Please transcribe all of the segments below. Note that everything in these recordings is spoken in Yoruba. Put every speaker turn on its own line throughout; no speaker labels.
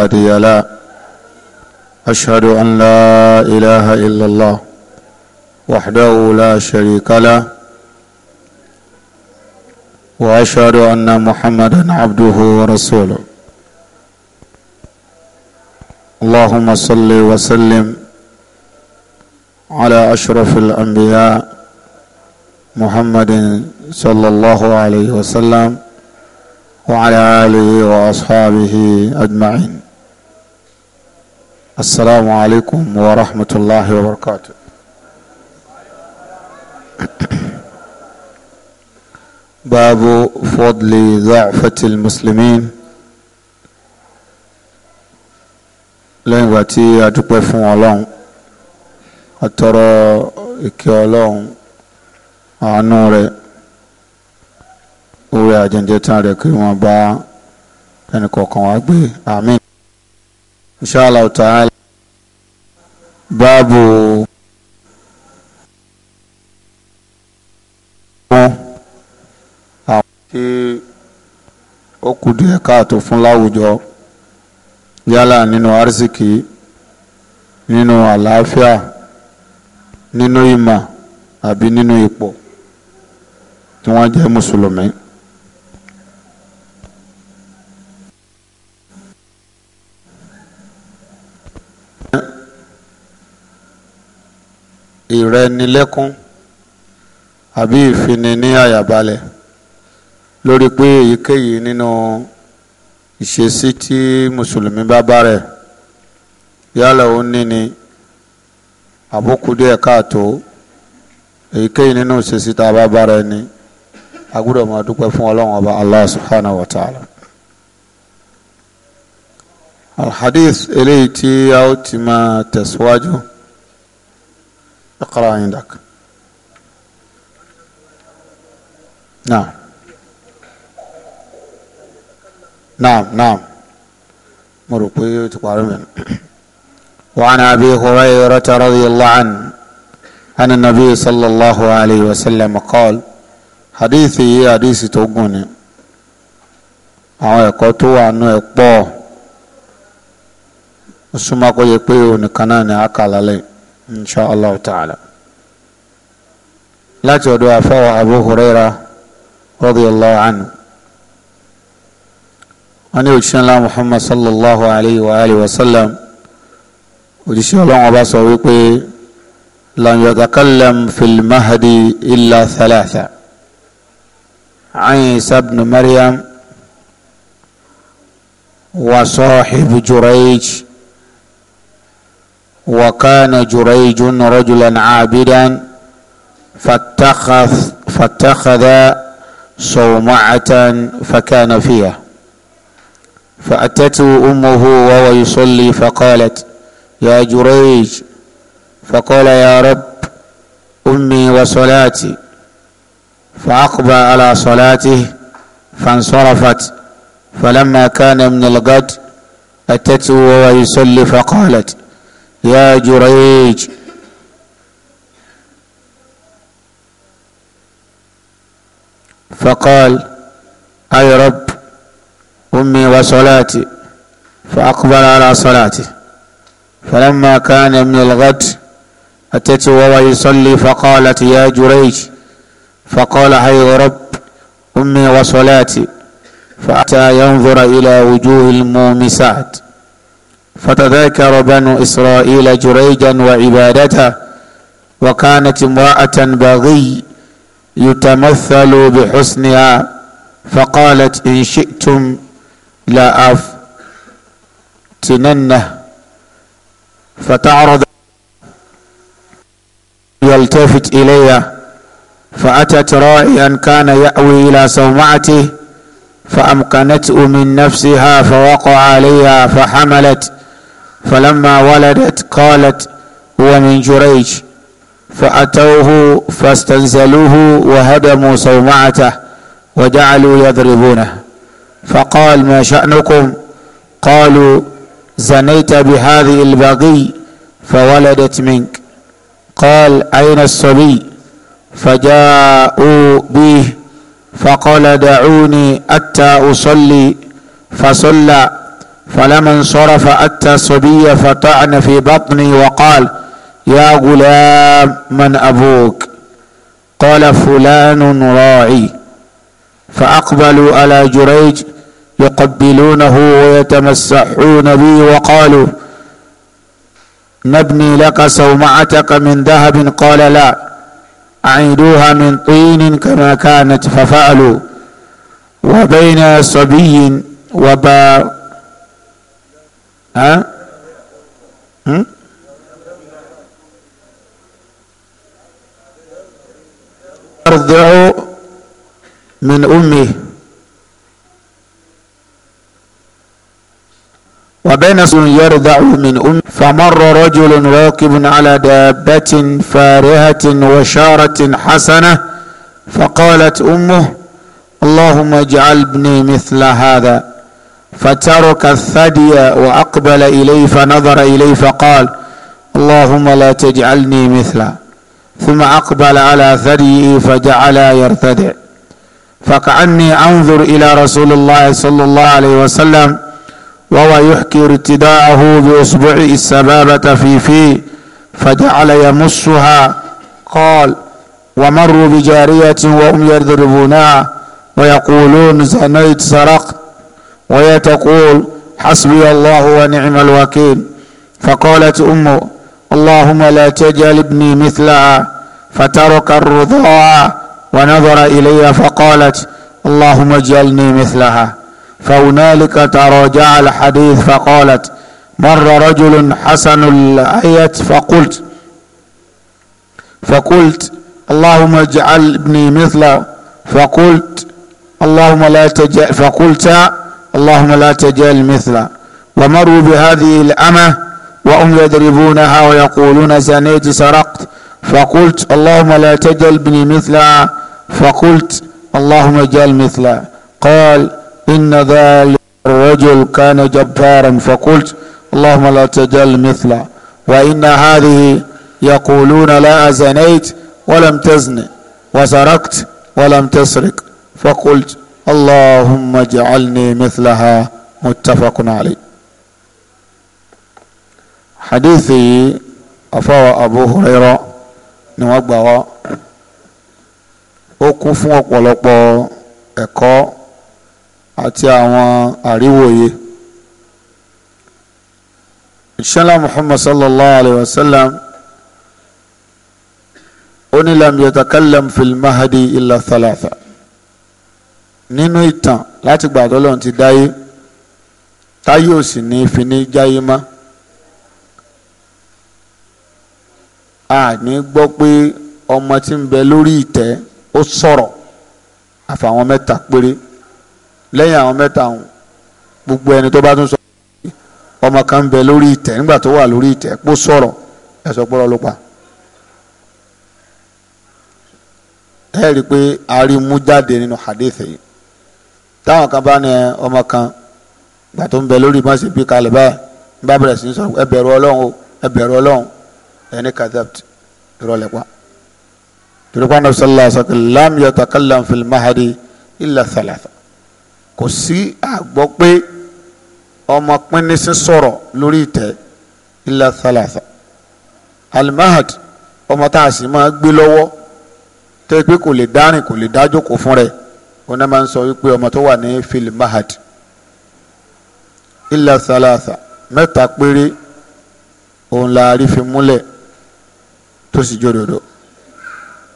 هادي لا أشهد أن لا إله إلا الله وحده لا شريك له وأشهد أن محمدا عبده ورسوله اللهم صل وسلم على أشرف الأنبياء محمد صلى الله عليه وسلم وعلى آله وأصحابه أجمعين السلام عليكم ورحمة الله وبركاته باب فضل ضعفة المسلمين lẹ́yìn ìgbà tí a dúpẹ́ fún ọlọ́run a tọrọ ìkẹ́ ọlọ́run àánú rẹ̀ orí àjẹjẹ tán rẹ̀ kí wọ́n bá ẹnì kọ̀ọ̀kan wá gbé àmín inṣàlá ta'ala báàbò fún àwọn tí ó kù díẹ̀ káàtó fún láwùjọ yálà nínú arísìkí nínú àlàáfíà nínú ìmọ̀ àbí nínú ipò tí wọ́n jẹ́ mùsùlùmí. ìrẹnilẹ́kún àbí ìfini ní àyàbalẹ̀ lórí pé èyíkéyìí nínú ìṣesí tí mùsùlùmí bá bá yálà ó ní ni àbókù díẹ̀ káàtó èyíkéyìí nínú ìṣesí tá a bá ni a máa dúpẹ́ fún ọba allah subhanahu wa ta'ala alhadith eléyìí tí a ó ti máa tẹ̀síwájú. اقرأ عندك نعم نعم نعم وعن أبي هريرة رضي الله عنه أن النبي صلى الله عليه وسلم قال حديثي حديث توقوني àwọn ẹ̀kọ́ tó wà nú ẹ̀ pọ̀ ó súnmọ́ kó yẹ pé òun nìkan náà ni a insha allah ta'ala láti ọ̀dọ̀ àfáwà abu huraira radiyallahu anhu wọ́n ní òjíṣẹ́ ńlá muhammad sallallahu alayhi wa alihi wa sallam òjíṣẹ́ ọlọ́run ọba sọ wípé lan yatakallam fil mahdi illa thalatha isa ibn maryam wa sahib jurayj. وكان جريج رجلا عابدا فاتخذ فاتخذ صومعة فكان فيها فأتته أمه وهو يصلي فقالت يا جريج فقال يا رب أمي وصلاتي فأقبل على صلاته فانصرفت فلما كان من الغد أتته وهو يصلي فقالت يا جريج فقال أي رب أمي وصلاتي فأقبل على صلاته فلما كان من الغد أتته وهو يصلي فقالت يا جريج فقال أي رب أمي وصلاتي فأتى ينظر إلى وجوه المومسات فتذكر بنو إسرائيل جريجا وعبادته وكانت امرأة بغي يتمثل بحسنها فقالت إن شئتم لا أفتننه فتعرض يلتفت إليها فأتت راعيا كان يأوي إلى صومعته فأمكنته من نفسها فوقع عليها فحملت فلما ولدت قالت هو من جريج فأتوه فاستنزلوه وهدموا صومعته وجعلوا يضربونه فقال ما شأنكم قالوا زنيت بهذه البغي فولدت منك قال أين الصبي فجاءوا به فقال دعوني أتى أصلي فصلى فلما انصرف اتى الصبي فطعن في بطني وقال يا غلام من ابوك قال فلان راعي فاقبلوا على جريج يقبلونه ويتمسحون بي وقالوا نبني لك صومعتك من ذهب قال لا اعيدوها من طين كما كانت ففعلوا وبين صبي وبا ها هم؟ ترضع من أمه وبين يرضع من أمه فمر رجل راكب على دابة فارهة وشارة حسنة فقالت أمه اللهم اجعل ابني مثل هذا فترك الثدي وأقبل إليه فنظر إليه فقال اللهم لا تجعلني مثله ثم أقبل على ثديه فجعل يرتدع فكأني أنظر إلى رسول الله صلى الله عليه وسلم وهو يحكي ارتداءه بإصبعه السبابة في فيه فجعل يمصها قال ومروا بجارية وهم يضربونها ويقولون زنيت سرقت وهي تقول حسبي الله ونعم الوكيل فقالت امه اللهم لا تجعل ابني مثلها فترك الرضاع ونظر الي فقالت اللهم اجعلني مثلها فهنالك تراجع الحديث فقالت مر رجل حسن الايه فقلت فقلت اللهم اجعل ابني مثله فقلت اللهم لا تجعل فقلت اللهم لا تجعل مثله ومروا بهذه الأمة وهم يضربونها ويقولون زنيت سرقت فقلت اللهم لا تجعل بني مثلها فقلت اللهم اجعل مثله قال إن ذلك الرجل كان جبارا فقلت اللهم لا تجعل مثله وإن هذه يقولون لا زنيت ولم تزن وسرقت ولم تسرق فقلت اللهم اجعلني مثلها متفق عليه حديثي أفوى أبو هريرة نوبوا ó kún fún ọ̀pọ̀lọpọ̀ ẹ̀kọ́ àti àwọn àríwòye ìṣẹ́lá muhammad sallallahu alayhi wa sallam ó ní lam yatakallam thalatha nínú ìtàn láti gbà tọ́lọ́run ti dáyé táyé ò sì ní fi jáyé mọ́ a ní gbọ́ pé ọmọ tí ń bẹ lórí ìtẹ́ ó sọ̀rọ̀ àfàwọn mẹ́ta péré lẹ́yìn àwọn mẹ́ta ọ̀hún gbogbo ẹni tó bá tún sọ ọmọ kan ń bẹ lórí ìtẹ́ nígbà tó wà lórí ìtẹ́ pó sọ̀rọ̀ ẹ̀sọ́ pọ́rọ́ ló pa ẹ rí i pé a rí mú jáde nínú hadith yìí táwọn kan bá ní ọmọ kan gbà tó ń bẹ lórí mọ́ sí bí kalẹ̀ báyìí ń bá bẹ̀rẹ̀ sí sọ ẹ bẹ̀rù ọlọ́run o ẹ bẹ̀rù ọlọ́run ẹni kadapt ìrọ̀lẹ́ pa turukwa nabi sallallahu alaihi wa sallam lam yatakallam fil mahadi illa thalatha kò sí àgbọ́ pé ọmọ pínínsín sọ̀rọ̀ lórí ìtẹ́ illa thalatha alimahad ọmọ tá a sì máa gbé lọ́wọ́ tẹ́ pé kò lè dárìn kò lè dájókòó fún rẹ̀ wọn náà máa ń sọ wípé ọmọ tó wà ní fil mahad illa thalatha mẹ́ta péré òun la rí fi múlẹ̀ tó sì jòdòdò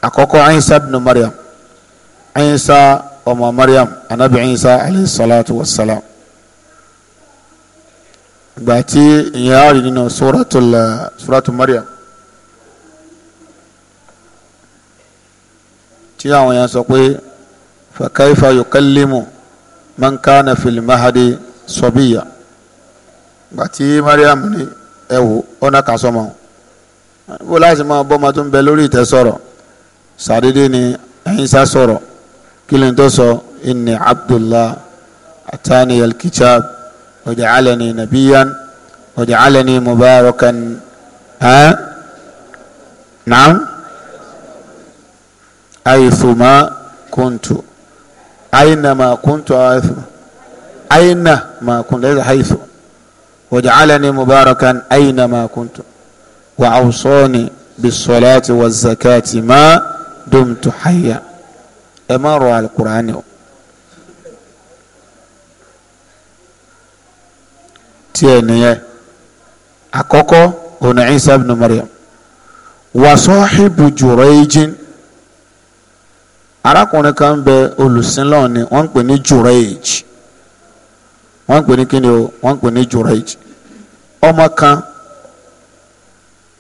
àkọ́kọ́ ayinsa bin mariam ayinsa ọmọ mariam anabi ayinsa alayhi salatu wa salam gbàtí ìyẹn á rí nínú suratu mariam. tí àwọn yẹn sọ pé فكيف يكلم من كان في المهد صبيا باتي مريم ني ewu ọ̀nà kan sọmọ bó láti máa bọ́ máa tún bẹ lórí ìtẹ́ sọ̀rọ̀ sàdédé ni ẹ̀yin sá sọ̀rọ̀ kí ló ń tó sọ inni abdullah atani alkitab waj'alani nabiyan waj'alani mubarakan ha naam aithuma kuntu aina ma kuntu aithu aina ma kuntu aithu haithu waj'alani mubarakan aina ma kuntu wa awsani bisolati wa zakati ma dumtu hayya ẹ má rọ alukur'ani o tiẹ̀ nìyẹn àkọ́kọ́ Isa ibn Maryam wa sahibu arákùnrin kan ń bẹ olùsínlọ́ọ̀ ni wọ́n ń pè ní Jurayj wọ́n ń pè ní kíni o wọ́n ń pè ní Jurayj ọmọ kan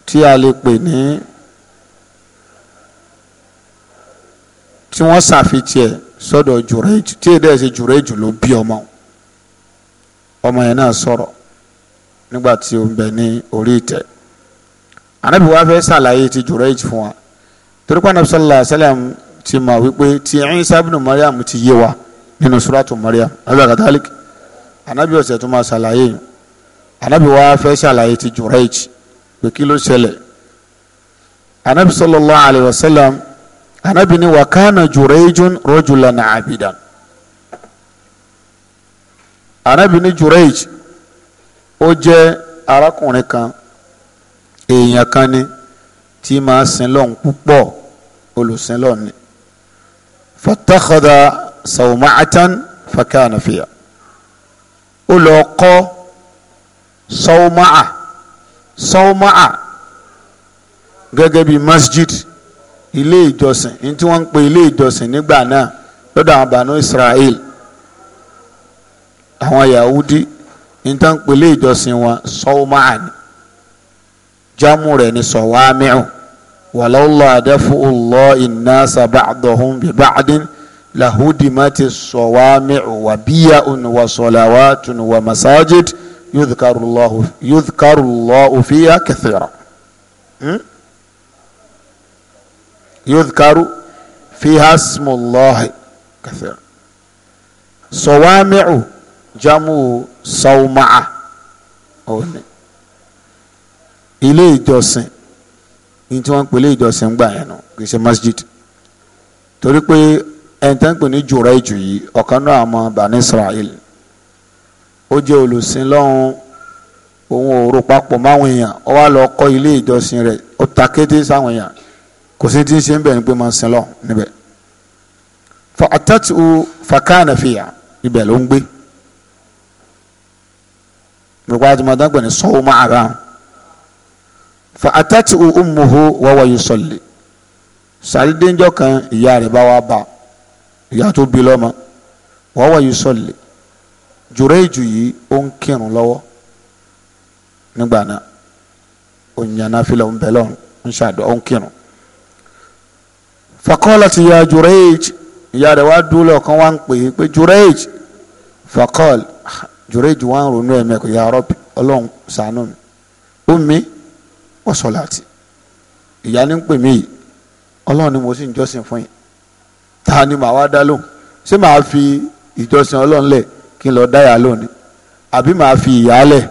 tí a lè pè ní tí wọ́n ṣàfihàn sọ́dọ̀ Jurayj tí èdè ẹ̀sìn Jurayj ló bí ọmọ ọmọ yẹn náà sọ̀rọ̀ nígbà tí ó ń bẹ ní orí ìtẹ́ Ànábì wa fẹ́ ṣàlàyé ti Jurayj fún wa torí pé Ànábì sallallahu alaihi ti mọ̀ wípé ti Isa ibn Maryam ti yé wa nínú suratu Maryam abẹ́ katalik anabi ọ̀sẹ̀ tó máa ṣàlàyé yìí anabi wa fẹ́ ṣàlàyé ti Jurayj pé kí ló ṣẹlẹ̀ anabi sallallahu alayhi wa sallam anabi ni wa kana Jurayjun rajulan abidan anabi ni Jurayj ó jẹ́ arákùnrin kan èèyàn kan ni tí máa sin lọ́hùn púpọ̀ olùsìn lọ́hùn ni fatakhada sawma'atan fakana fiya ó lọ kọ́ sawma'a sawma'a gẹ́gẹ́ bí masjid ilé ìjọsìn ní tí wọ́n ń pè ilé ìjọsìn nígbà náà lọ́dọ̀ àwọn bànú israel àwọn yahudi ní tí wọ́n ń ilé ìjọsìn wọn sawma'a ni jámù ni sọ̀wámíù. So ولولا دفع الله الناس بعضهم ببعض لهدمت الصوامع وبيع وصلوات ومساجد يذكر الله يذكر الله فيها كثيرا يذكر فيها اسم الله كثيرا صوامع جمع صومعة ilé ìjọsìn yìí tí wọ́n ń pèlè ìjọsìn gbà yẹn kì í ṣe masjid torí pé ẹni tẹ́ ń pè ní jùrọ̀ ìjù yìí ọ̀kan náà àmọ́ bani israel ó jẹ́ olùsìn lọ́hún òun ò rò papọ̀ máwọn èèyàn ó wá lọ kọ́ ilé ìjọsìn rẹ̀ ó ta kété sáwọn èèyàn kò sí tí ń ṣe ń bẹ̀ ni pé máa ń sin lọ níbẹ̀ fa àtẹ́tù fakana fìyà ibẹ̀ ló ń gbé nípa àti mọ̀tàn ní sọ́wọ́ máa ra hàn fa atati ummuhu wa wa yusalli sàrídéńjọ kan ìyá rẹ̀ bá wá bá ìyá tó bí lọ́mọ wa ah, wa yusalli jùrẹ́jù yìí ó ń kírun lọ́wọ́ nígbà náà ó ń yan nafila ń bẹ lọ́run ń ṣàdó ó ń kírun fakọ́lá ya jureij ìyá rẹ̀ wá dúró ọ̀kan wá ń pè é pé jureij fakọ́l jureij wá ń ronú ẹ̀mẹ́ kò rọ́bì ọlọ́run ṣàánú mi ó mi wọ́n sọ láti ìyá ní ń pè mí yìí ọlọ́run ni mo sì ń jọ́sìn fún yín ta ni màá wá dá lóhùn ṣé màá fi ìjọsìn ọlọ́run lẹ̀ kí n lọ dáyà lóhùn ni àbí màá fi ìyá lẹ̀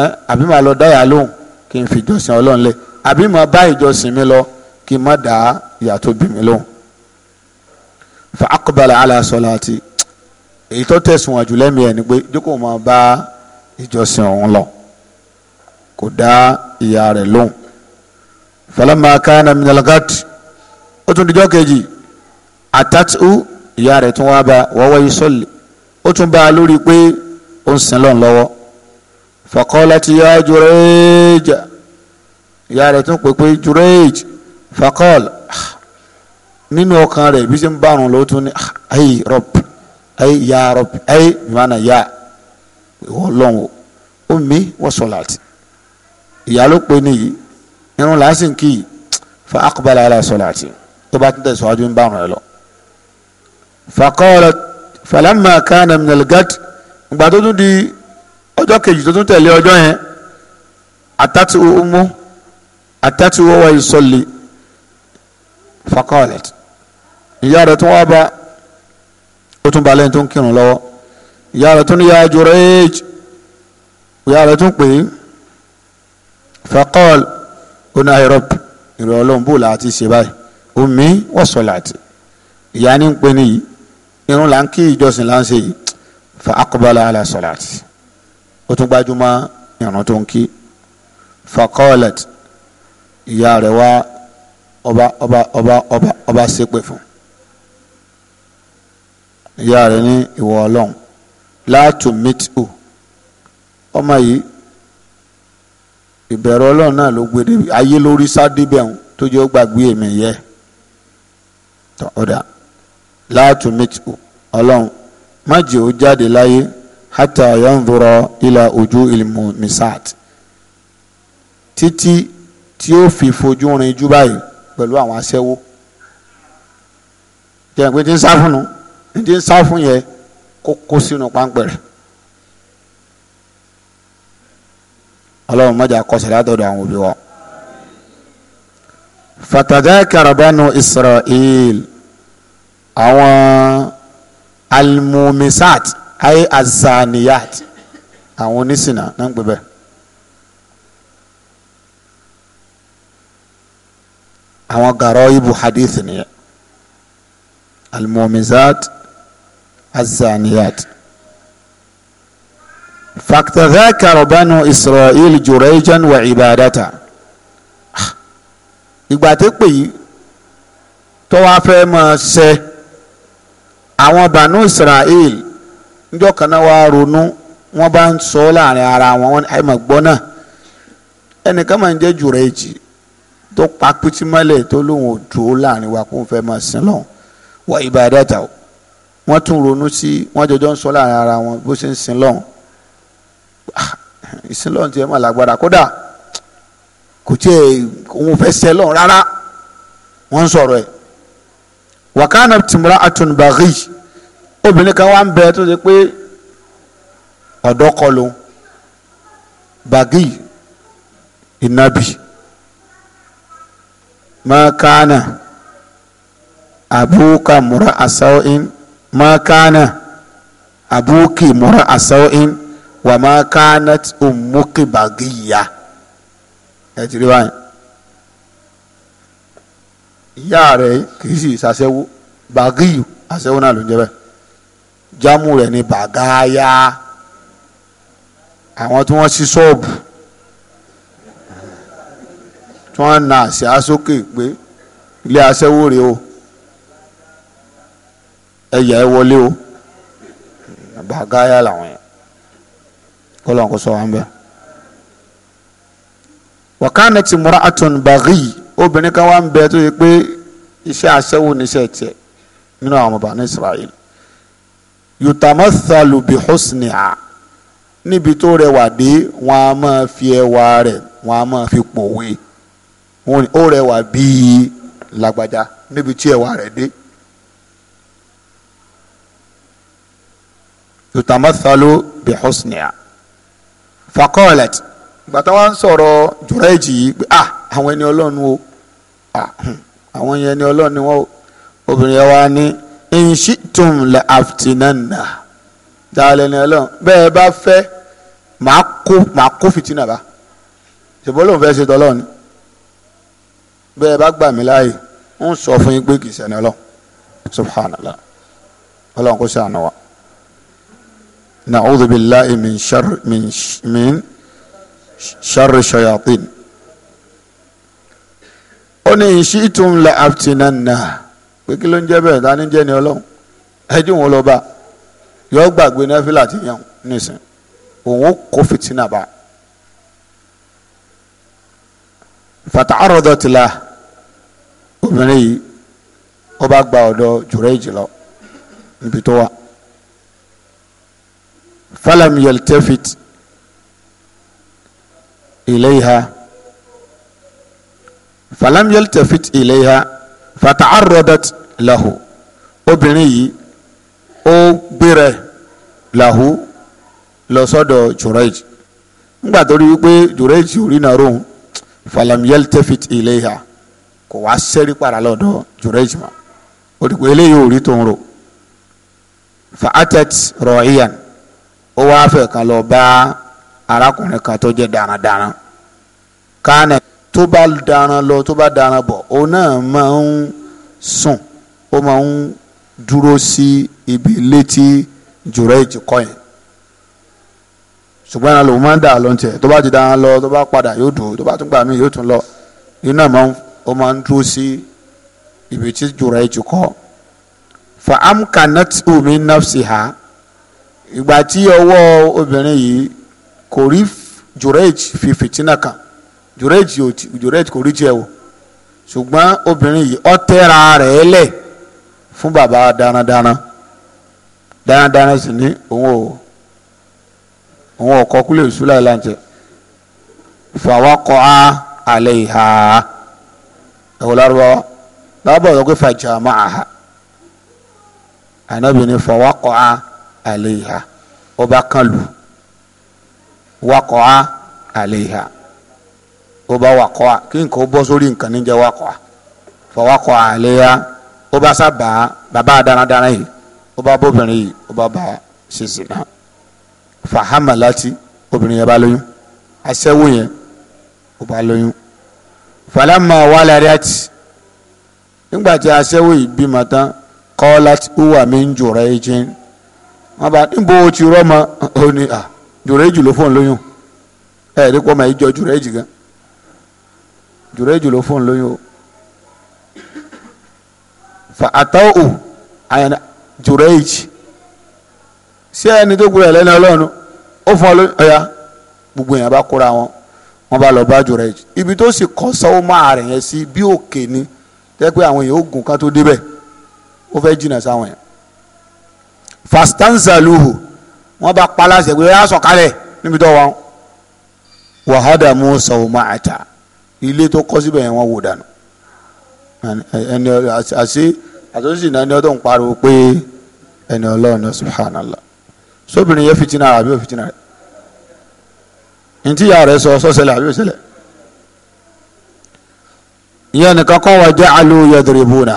ẹ́n àbí màá lọ dáyà lóhùn kí n fi ìjọsìn ọlọ́run lẹ̀ àbí màá bá ìjọsìn mi lọ kí n má dá ìyá tó bí mi lóhùn. fa akọbalẹ̀ aláṣọlá àti èyí tó tẹ̀sùn àjùlẹ́mìí ẹ̀ ni pé jókòó máa bá ìjọsìn ọ̀hún lọ. kò dá ìyá rẹ̀ lóhùn fẹlẹ́mà káyánà minalagat ó tún kejì àtàtú ìyá rẹ̀ tún wá bá wọ́wọ́ yìí sọ́lì ó tún bá a lórí pé ó ń sin lọ́n lọ́wọ́ fọkọ́lá ti yá ìyá rẹ̀ tún pè pé nínú ọkàn rẹ̀ bí ṣe ń ló tún ní ayé ayé ya rọp ayé ìmánà ya ìwọ lọ́wọ́ ó mi wọ́n ìyá ló pe nìyí irun làásìkì yìí fa aqbala ala salati tó bá tún tẹ̀síwájú ń bá ọ̀rọ̀ ẹ lọ. faqalat falamma kana min al-gad ìgbà tó tún di ọjọ́ kejì tó tún tẹ̀lé ọjọ́ yẹn àtàtì ọmọ àtàtì wọ́wọ́ ìsọ̀lì faqalat ìyá rẹ̀ tún wá bá ó tún balẹ̀ tó ń kírun lọ́wọ́ ìyá rẹ̀ tún ní ya Jurayj ìyá rẹ̀ tún pè é faqal ona irab ìrọ̀ ọlọ́run bò láti ṣe báyìí omi wọ̀sọ̀láàtì ìyá ní ń pè ní yìí irun là ń kí ìjọsìn là ń ṣe yìí fa aqbala ala sọ̀láàtì ó tún gbájúmọ́ irun tó ń kí faqalat ìyá rẹ̀ wá ọba ọba ọba ọba ọba ṣépè fún ìyá rẹ̀ ní ìwọ ọlọ́run la tumitu ìbẹ̀rù ọlọ́run náà ló gbé débi ayé lórí sáde bẹ̀rù tó jẹ́ ó gbàgbé èmi yẹ tọ́ ọ̀dà láàtú mẹ́tìkù ọlọ́run má jẹ́ ó jáde láyé hátà yanzura ila ojú ìlmù misat títí tí ó fi fojú rin jú báyìí pẹ̀lú àwọn aṣẹ́wó jẹ́ pé tí ń sá fún nu tí ń sá fún yẹ kó kó sínú páńpẹ́ ọlọ́run mọ́jà kọsẹ̀ látọ̀dọ̀ àwọn òbí wa. fatadhakara banu israel àwọn almumisat ayé azaniyat àwọn onísìnà náà ń pè bẹ́ẹ̀. àwọn gàrọ́ ibu hadith nìyẹn almumisat azaniyat. Al fàtàkàrọ̀ bánu ka jùrẹ́jọ́n wà ìgbà tó pè yí tó wá fẹ́ máa ṣe àwọn bànú israel níjọ́ kan náà wá ronú wọ́n bá ń sọ láàrin ara wọn wọn àìmọ̀ gbọ́ náà ẹnìkan máa ń jẹ́ jùrẹ́jì tó pa pétí mọ́lẹ̀ tó lóun ò dúró láàrin wa kó n fẹ́ máa sin wọ́n tún ronú sí wọ́n jọjọ́ ń sọ ara wọn bó ṣe ìsìn lọ́run tiẹ̀ máa lágbára kódà kò tiẹ̀ òun fẹ́ sẹ́ lọ́run rárá wọ́n ń sọ̀rọ̀ ẹ̀ wàkàna tìmúra àtúnbàgì obìnrin kan wà ń bẹ tó ṣe pé ọ̀dọ́ kọ ló bàgì ìnàbì mọ́kànà àbúkà múra àsáwìn mọ́kànà àbúkì múra àsáwìn wà má kánat òmùkìbàgìyà ẹ ti rí báyìí ìyá rẹ̀ kìí sì ṣàṣẹ́wó bàgìyù àṣẹ́wó náà ló ń jẹ́ bẹ́ẹ̀ jámù rẹ̀ ní bàgáyà àwọn tí wọ́n ṣí ṣọ́ọ̀bù tí wọ́n na àṣà sókè pé ilé aṣẹ́wó rèé o ẹ̀yà ẹ wọlé o bàgáyà làwọn yẹn kọlọ̀ kó sọ wọn bẹ́ẹ̀. wàkànnà ti múra àtún bàrí obìnrin kan wà ń bẹ tó yẹ pé iṣẹ́ aṣẹ́wó níṣẹ́ tiẹ̀ nínú àwọn ọmọọba ní Israel yutamathalu bi husniha níbi tó rẹwà dé wọn a máa fi ẹwà rẹ̀ wọn a máa fi pòwe ó rẹwà bíi lágbájá níbi tí ẹwà rẹ̀ dé. yutamathalu bi husniha fakọ́ọ̀lẹ̀t gbàtà wa ń sọ̀rọ̀ jùrẹ́jì yìí pé ah àwọn ẹni ọlọ́run o ah, hmm, àwọn yẹn ẹni ọlọ́run ni wọ́n obìnrin yẹn wá ní ìṣìtùm lẹ àfitìnánà dáhàlẹ́ ẹni ọlọ́run bẹ́ẹ̀ bá fẹ́ màá kó màá kó fìtínà bá ṣùgbọ́n lóun fẹ́ ṣe tọ́lọ́run ni bẹ́ẹ̀ bá gbà mí láàyè ń sọ fún yín pé kìí ṣẹ́ni ọlọ́run subhanallah ọlọ́run kò ṣàánú wa. نعوذ بالله من شر من من شر الشياطين ó ní ìṣítùm la abtinanna pé kí ló ń jẹ́ bẹ́ẹ̀ ta ni jẹ́ ni ọlọ́run ẹjú wọn lọ bá yọ gbàgbé nẹ́fìlà ti yàn nísìn òun ó kó fìtínà bá fata arọdọtìlá obìnrin yìí ó gba ọ̀dọ̀ jùrẹ́ ìjìlọ níbi tó wà falam yaltafit ilayha falam yaltafit ilayha fata'arradat lahu obìnrin yìí ó gbéra lahu lọ sọ́dọ̀ jùrẹ́j nígbà tó rí wípé jùrẹ́j rí náà rohun falam yaltafit ilayha kò wá sẹ́rí para lọ́dọ̀ jùrẹ́j mọ́ ó dìgbò eléyìí ò rí tó ń rò fa'atat ra'iyan ó wáá fẹ́ kan lọ bá arákùnrin kan tó jẹ́ darandaran kánẹ̀ tó bá daran lọ tó bá daran bọ̀ òun náà máa ń sùn ó máa ń dúró sí ibi létí jùrọ̀ ìjìkọ́ yẹn ṣùgbọ́n ẹran lòun máa ń dà lọ tiẹ̀ tó bá ti daran lọ tó bá padà yóò dùn tó bá tún gbà mí yóò tún lọ inú náà ó máa ń dúró sí ibi tí jùrọ̀ ìjìkọ́ fa amkanat umi nafsiha. ìgbà tí ọwọ́ obìnrin yìí kò rí jurej fi fìtínà kan jurej jurej kò rí tiẹ̀ wò ṣùgbọ́n obìnrin yìí ó tẹ́ra rẹ̀ lẹ̀ fún bàbá darandaran darandaran sì ní òun ò òun ò kọkúlẹ̀ ìṣúlá ìlànà fàwọ́kọ̀ á ìhà ẹ̀wọ̀n bàbá àléhà ọba kan lù wakọ̀á ọba wakọ̀á kí nǹkan bọ́ sórí nǹkan níjẹ́ wakọ̀á fọwọ́kọ̀ àléhà ọba sábà bàbá dáradára yìí ọba bóbìnrin yìí ọba bá ṣèṣì náà fàhámà láti obìnrin yẹn bá lóyún aṣẹ́wó yẹn ọba lóyún falama wàlẹ́rẹ́t nígbà tí aṣẹ́wó yìí bímọ tán kọ́lá uwa mi ń jòrò ẹ̀jẹ̀ àbá níbo ti rọ́mọ ó ní à jùrẹ́jù ló fóun lóyún ẹ̀ rí pọ́ mọ́ ìjọ jùrẹ́jù gan jùrẹ́jù ló fóun lóyún o fa àtàwọ̀ àyàn jùrẹ́jù sí ẹni tó gbúra ẹlẹ́ni ọlọ́run ó fún ọ lóyún ọ̀yà gbogbo èèyàn bá kóra wọn wọn bá lọ bá jùrẹ́jù ibi tó sì kọ́ sọ́wọ́ máa rẹ̀ yẹn sí bí òkè ni tẹ́ pé àwọn èèyàn ó gùn ká tó débẹ̀ ó fẹ́ jìnnà sáwọn yẹn fastanzaluhu wọ́n bá palasẹ̀ pé yà sọ̀kalẹ̀ níbi tó wọn wàhádà musa omaata ilé tó kọ́ síbẹ̀ yẹn wọ́n wò dànù ẹni àṣẹ àtúnṣe náà ni ọdún pariwo pé ẹni ọlọ́run náà subhanallah sóbìnrin yẹn fitina rẹ àbí ò fitina rẹ ntí ìyá rẹ sọ sọ́sẹ̀lẹ̀ àbí ò ṣẹlẹ̀ ìyá nìkan kọ́ wọ́n jẹ́ alu yadribuna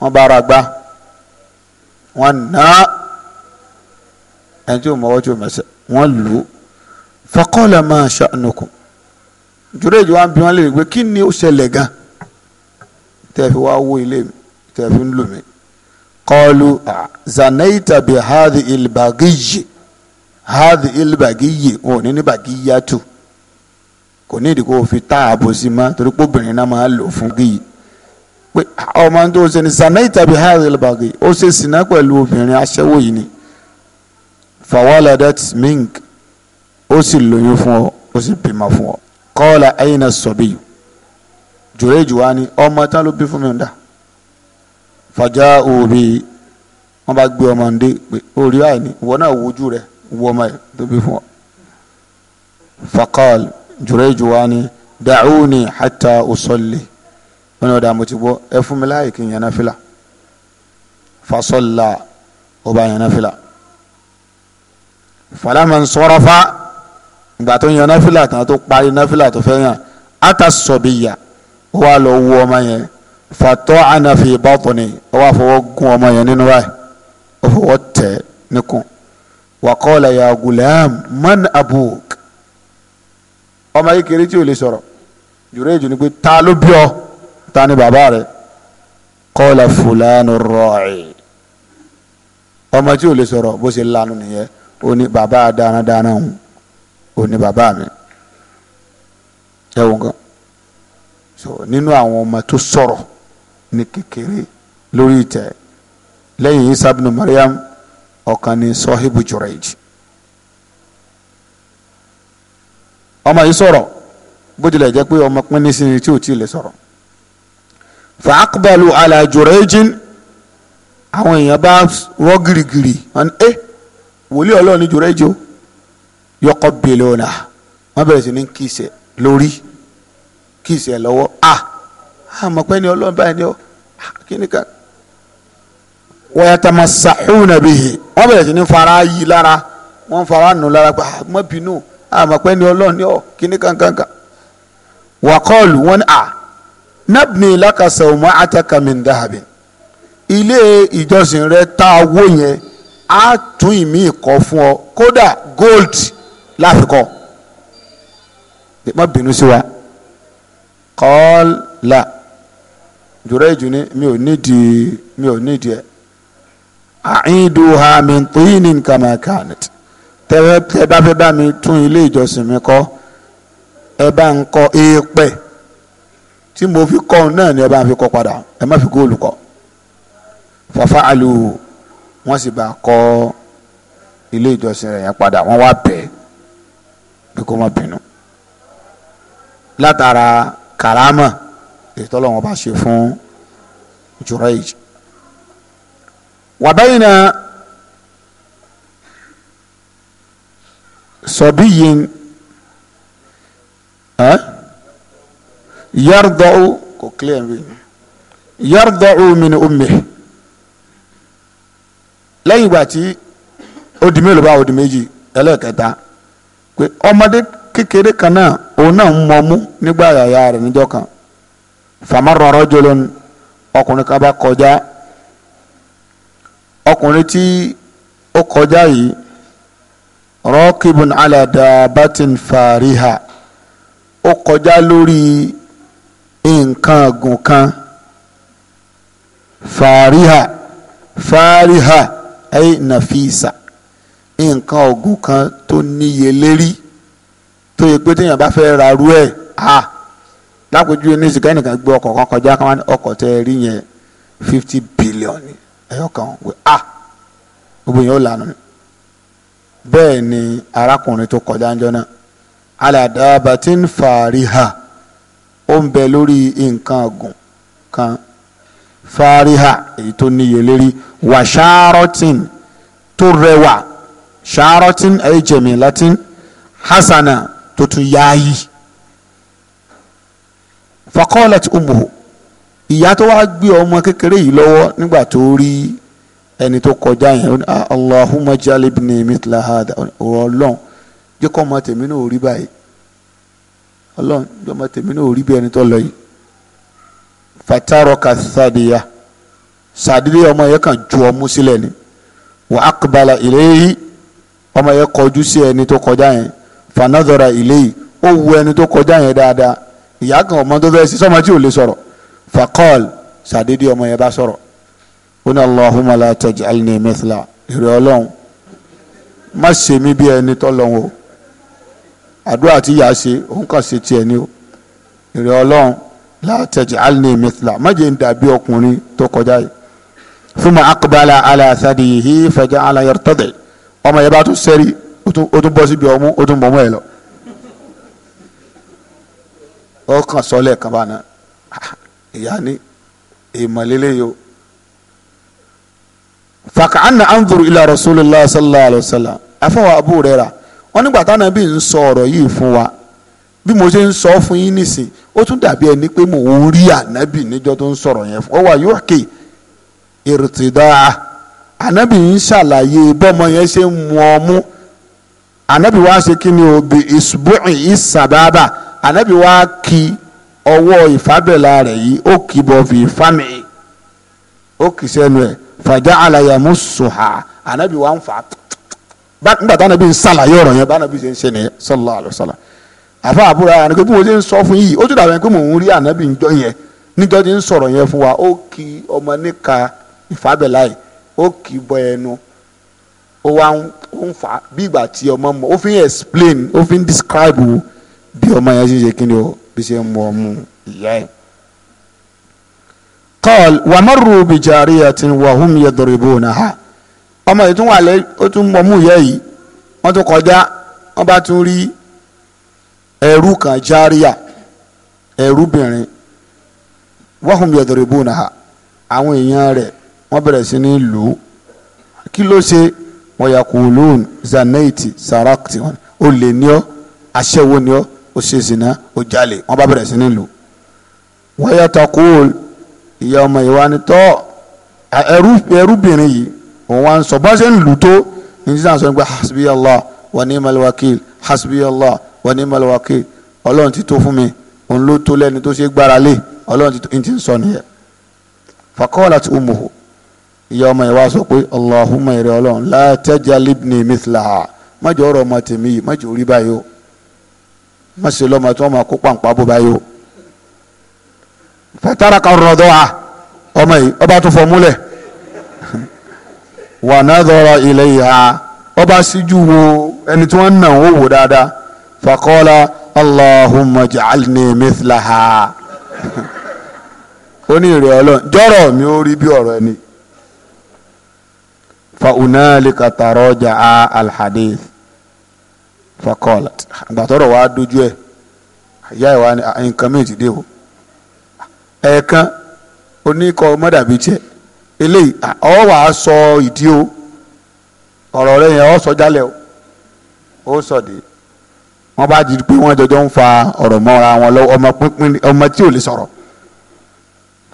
wọ́n bá ara gbá wọ́n náà ẹni tí ò mọ ọwọ́ tí ò mẹsẹ̀ wọ́n lù ú faqala ma sha'nukum jùlọ èjì wa ń bí wọn léèrè pé kí ni ó ṣẹlẹ̀ gan tẹ́ fi wá wó ilé mi tẹ́ fi ń lù mí qalu zanaita bi hadhi ilbagiyi hadhi ilbagiyi wọn ò ní ní bagiyatu kò ní ìdí kó o fi tá ààbò sí ma torí pé obìnrin náà máa lò fún gíyì pé ah, ọmọ tó ṣe ni zanaita bi hadhi ilbagiyi ó ṣe sìnà pẹ̀lú obìnrin aṣẹ́wó yìí ni fawaladat mink ó sì lóyún fún ọ ó sì bímọ fún ọ kọ́ọ̀lá ayna sọ̀bí jùrẹ́jù wa ni ọmọ tá ló bí fún mi ń dà fàjà òbí wọn bá gbé ọmọ ǹdẹ pé orí àìní ìwọ náà wojú rẹ wọ ọmọ ẹ tó bí fún ọ. fakal jùrẹ́jù wa ni dàcúni hatta usolli wọn ni ọ̀dà mo ti gbọ́ ẹ fún mi láàyè kí n yànnà fìlà ọba yànnà falama ń sọ̀rọ̀ fa ìgbà tó yan náfìlà tán tó parí náfìlà tó fẹ́ yàn ata sọ̀bìyà ó wà lọ wú ọmọ yẹn fatọ́ ànàfi bọ́tùnì ó wà fọwọ́ gún ọmọ yẹn nínú wa ó fọwọ́ tẹ̀ níkùn wàkọ́ọ̀lá ya gulam man abuk ọmọ yìí kiri tí o lè sọ̀rọ̀ jùrẹ́ jù pé ta ló bí ọ ta ni bàbá rẹ kọ́ọ̀lá fúlànù rọ̀ọ̀ì ọmọ tí o lè sọ̀rọ̀ bó ṣe lanu nìyẹn ó ní bàbá darandaran òun ó ní bàbá mi ẹ̀wọ̀n kan so nínú àwọn ọmọ tó sọ̀rọ̀ ní kékeré lórí ìtẹ́ lẹ́yìn Isa ibn Maryam ọ̀kan ní sọ́híbù jùrẹ́jì ọmọ yìí sọ̀rọ̀ bó tilẹ̀ jẹ́ pé ọmọ pín nísìnyí tí ò tí ì lè sọ̀rọ̀ fa aqbalu ala jùrẹ́jì àwọn èèyàn bá rọ́ gírígírí wọn ni ẹ́ eh, wòlíì ọlọ́run ní jùrọ̀ ìjó yọkọ bèlè ọ̀nà wọ́n bẹ̀rẹ̀ sí ní kí ìṣẹ̀ lórí kí lọ́wọ́ à àmọ́ pé ọlọ́run báyìí ni ọ kíni kan. wọ́yàtàmà sàhùnà bìhì wọ́n bẹ̀rẹ̀ sí ní fara yí lára wọ́n fara nù lára pé àmọ́ bínú àmọ́ pé ọlọ́run ni ọ kíni kankankan. wàkọ́ọ̀lù wọn ni à nabni lakasa ọmọ atakami ndahabi ilé ìjọsìn rẹ tá a wó yẹn A tún ìmí kọ fún ọ kódà gold láfikọ má bínú sí wa kọ́ọ́lá jùrọ̀ ìjù ni mi ò nídìí mi ò nídìí ẹ̀ àìndùhà mìntóyìnì kàmákànìtì tẹ́wẹ́ tẹ́ bá fẹ́ bá mi tún ilé ìjọsìn mi kọ́ ẹ bá ń kọ́ èèpẹ̀ tí mo fi kọ́ náà ni ẹ bá fi kọ́ padà ẹ má fi góòlù kọ́ fàfà àlùhù wọ́n sì bá kọ́ ilé ìjọsìn rẹ̀ yẹn padà wọ́n wá bẹ̀ bí kò má bínú látara karama ètò ọlọ́wọ́n bá ṣe fún Jurayj wàbẹ́yìn náà sọ̀bíyìn ẹ́ yardau kò kílẹ̀ mi yardau min ummihi lẹ́yìn ìgbà tí ó di mélòó bá ó di méjì ẹlẹ́ẹ̀kẹta pé ọmọdé kékeré kan náà òun náà ń mọmú nígbà yàyà rẹ̀ níjọ́ kan fàmọ́rọ̀ rọ́jòlón ọkùnrin kan bá kọjá ọkùnrin tí ó kọjá yìí rọ́ọ̀kìbùn alàdà bàtìn fàríhà ó kọjá lórí nǹkan ọ̀gùn kan fàríhà fàríhà. fàríhà ay nafisa nǹkan ọ̀gùn kan tó níye lérí tó yẹ pé téèyàn bá fẹ́ ra rú ẹ̀ à lápòjú ní ìsìnká ẹnìkan gbé ọkọ̀ kan kọjá kan wá ní ọkọ̀ tẹ́ ẹ rí yẹn fifty billion ẹ̀yọ́ kan wẹ̀ à gbogbo yẹn ó lànà bẹ́ẹ̀ ni arákùnrin tó kọjá ń jọ náà aládàá batin fàríhà ó ń bẹ lórí nǹkan ọ̀gùn kan fáríhà èyí tó níye lérí wà ṣáárọ́tìn tó rẹwà ṣáárọ́tìn ayé jẹ̀mí latin hasana tó tún yááyì fakọ́lẹ̀tì umuhu ìyá tó wá gbé ọmọ kékeré yìí lọ́wọ́ nígbà tó rí ẹni tó kọjá yẹn ó ní ah, allahumma jalibni mitla hada ọlọ́run jẹ́ ọmọ tèmi náà ò rí báyìí ọlọ́run jẹ́ ọmọ tèmi náà ò rí bí ẹni tó lọ yìí fataraka thadiya sàdídé ọmọ yẹn kàn ju ọmú sílẹ̀ ni wà aqbala ilayhi ọmọ yẹn kọjú sí ẹni tó kọjá yẹn fanadara ilayhi ó wu ẹni tó kọjá yẹn dáadáa ìyá kan ọmọ tó fẹ́ sí sọ́mọ tí ò lè sọ̀rọ̀ fakọ́ọ̀l sàdédé ọmọ yẹn bá sọ̀rọ̀ ó ní Allahumma la taj'alni mithla ìrẹ́ ọlọ́run má ṣe mí bí ẹni tọ́lọ́run o àdúrà tí yàá ṣe òun kàn ṣe tiẹ̀ ni o ìrẹ́ ọlọ́run látẹ̀jì alẹ́ mẹ́tìlá májè ń dàbí ọkùnrin tó kọjá yìí fún ma akọbala alasadi yìí fẹjẹ alayọrọtọdẹ ọmọ yẹn bá tún sẹ́rí ó tún bọ́ síbi ọmú ó tún bọ́mú ẹ lọ. ọkàn sọlẹ̀ kan bá na ìyá ni ìmọ̀lélẹ́ yìí o. fàkànnà anzuru ilà rasulillah sallallahu alayhi wa sallam afọwọ́ abu rẹ̀ ra wọ́n nígbà táwọn bí ń sọ ọ̀rọ̀ yìí fún wa bí mo ṣe ń sọ fún yín nísìn ó tún dàbí ẹni pé mò ń rí ànábì tó ń yẹn fún ọ wà yóò kè ìrètìdá ànábì ń ṣàlàyé bọ́mọ yẹn ṣe ń mu ọmú ànábì wá ṣe kí ni òbí ìṣubúìn ìṣàbàbà ànábì wá kí ọwọ́ ìfábẹ́lá rẹ̀ yìí ó kì bọ̀ fi fámì ó kì sẹ́nu ẹ̀ fàjà àlàyàmú sùhà ànábì wá ń fà á nígbà ń ṣàlàyé ọ̀rọ̀ yẹn bá ànábì ṣe ń ṣe nìyẹn àfa àbúrò ara ni pé bí mo ṣe ń sọ fún yìí ó tún dàbẹ̀ pé mò ń rí ànábì ń jọ yẹn ń sọ̀rọ̀ yẹn fún wa ó ọmọ níka ìfábẹ́láì ó kì í bọ ẹnu ó wá ń bí ọmọ mọ ó fi ń explain ó fi describe bí ọmọ yẹn ṣe ń ṣe kí ni o bí ṣe ń mu ọmú ìyá wa bi ọmọ yìí tún wà ó tún ẹrú kan járíà ẹrúbìnrin wahum yadribunaha àwọn èèyàn rẹ̀ wọ́n bẹ̀rẹ̀ sí ní lù ú kí ló ṣe wọ́n yaqulun zanaiti sarakti wọn ó lè ní ọ́ aṣẹ́wó ní ọ́ ó ṣe zina ó jalè wọ́n bá bẹ̀rẹ̀ sí ní lù ú wọ́n yatakul ìyá ọmọ ìwà ni tọ́ ẹrúbìnrin yìí òun wá ń sọ bá ṣe ń lù tó ní sísan sọ nípa hasbi wa ni'mal wakil hasbi wa ni'mal wakil ọlọ́run ti tó fún mi òun ló tó lẹ́ni tó ṣe gbára lé ọlọ́run ti tó ní ti ń sọ nìyẹn faqalat ummuhu ìyá ọmọ yẹn wá sọ pé allahumma ire ọlọ́run la tajalibni mithlaha májọ ọ̀rọ̀ ọmọ tèmi yìí májọ orí báyìí o má ṣe tí wọ́n máa kó pàǹpá bó báyìí o fataraka ar-radaa ọmọ yìí ọba tó fọ múlẹ̀ wa nadhara ilayha ọba síjú wo ẹni tí wọ́n ń nà ó wò dáadáa faqala allahumma ja'alni mithlaha ó ní ìrẹ̀ ọlọ́run jọ́rọ̀ mi ó rí bí ọ̀rọ̀ ẹni faunalika taraja alhadith faqala àgbàtọ́rọ̀ wa dojú ẹ̀ ìyá ìwà ni ah, nǹkan mi ti dé o ẹ̀ẹ̀kan oníkọ mọ́dàbí tiẹ̀ eléyìí ah, ọ̀ wàá sọ ìdí o ọ̀rọ̀ rẹ̀ yẹn ọ̀ sọ jálẹ̀ o ó sọ dé wọ́n bá di pé wọ́n jọjọ́ ń fa ọ̀rọ̀ mọ́ra wọn lọ ọmọ pínpín ọmọ tí ò lè sọ̀rọ̀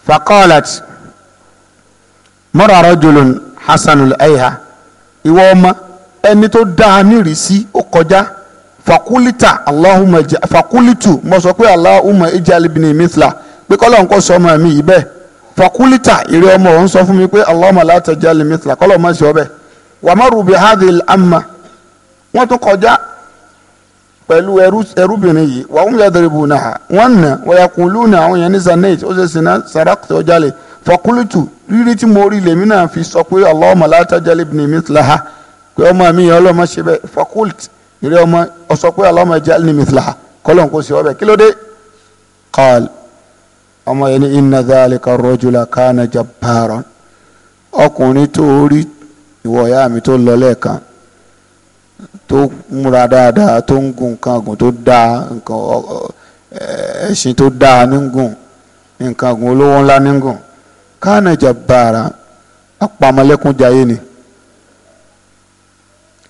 fakọ́ọ̀lát mọ́ra rọ́jòlón hasanul aiha ìwọ ọmọ ẹni tó dáa nírìísí ó kọjá fakulita allahumma fakulitu mo sọ pé allahumma ijalibini mithla pé kọ́lọ́ nǹkan sọ ọmọ mi yìí bẹ́ẹ̀ fakulita ìrẹ́ ọmọ òun sọ fún mi pé allahumma látajalibini mithla kọ́lọ́ ọmọ sí bẹ́ẹ̀ wàmọ́rù bíi hadhihi amma wọ́n tún kọjá pẹ̀lú ẹrúbìnrin yìí wà wọ́n yàtọ̀ ìbò náà wọ́n nà wọ́n yà kún lù náà àwọn yẹn ní sanate ó ṣe sinna sarakta ó jalè fọkúlùtù rírí tí mo rí lèmi náà fi sọ pé Allahumma la tajal ibni mithlaha pé ọmọ mi yẹn ọlọ́mọ ṣe bẹ́ẹ̀ fọkúlùtù ìrí ọmọ ó sọ pé Allahumma ij'alni mithlaha kọ́lọ́n kò sí ọbẹ̀ kí ló dé. qal ọmọ yẹn ní inna dhalika ar-rajula kana jabbaran ọkùnrin tó rí ìwọ̀ mi tó lọ lẹ́ẹ̀kan tó múra dáadáa tó ń gun nǹkan ọ̀gùn tó dáa nǹkan ẹṣin tó dáa ní gùn nǹkan ọ̀gùn olówó ńlá ní gùn kánà jàbàrà apamọ́lẹ́kùn jayé ni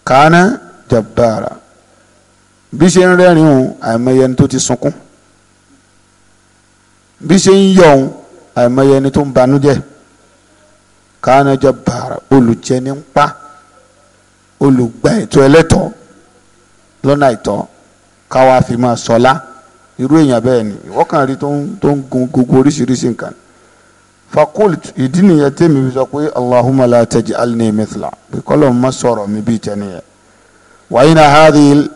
kánà jàbàrà bí ṣe ń rẹ́rìn òun àìmọye ẹni tó ti sunkún bí ṣe ń yọ òun àìmọye ẹni tó ń banújẹ́ kánà jàbàrà olùjẹni ń pa olùgbà ètò ẹlẹ́tọ̀ lọ́nà àìtọ́ káwa fi máa sọlá irú èèyàn bẹ́ẹ̀ ni ìwọ kàn rí tó ń gun gbogbo oríṣiríṣi nǹkan fakult ìdí nìyẹn tèmi fi sọ pé allahumma la taj'alni mithla pé kọ́lọ̀ ma sọ̀rọ̀ mi bíi tẹ́ nìyẹn wa ina hadhihi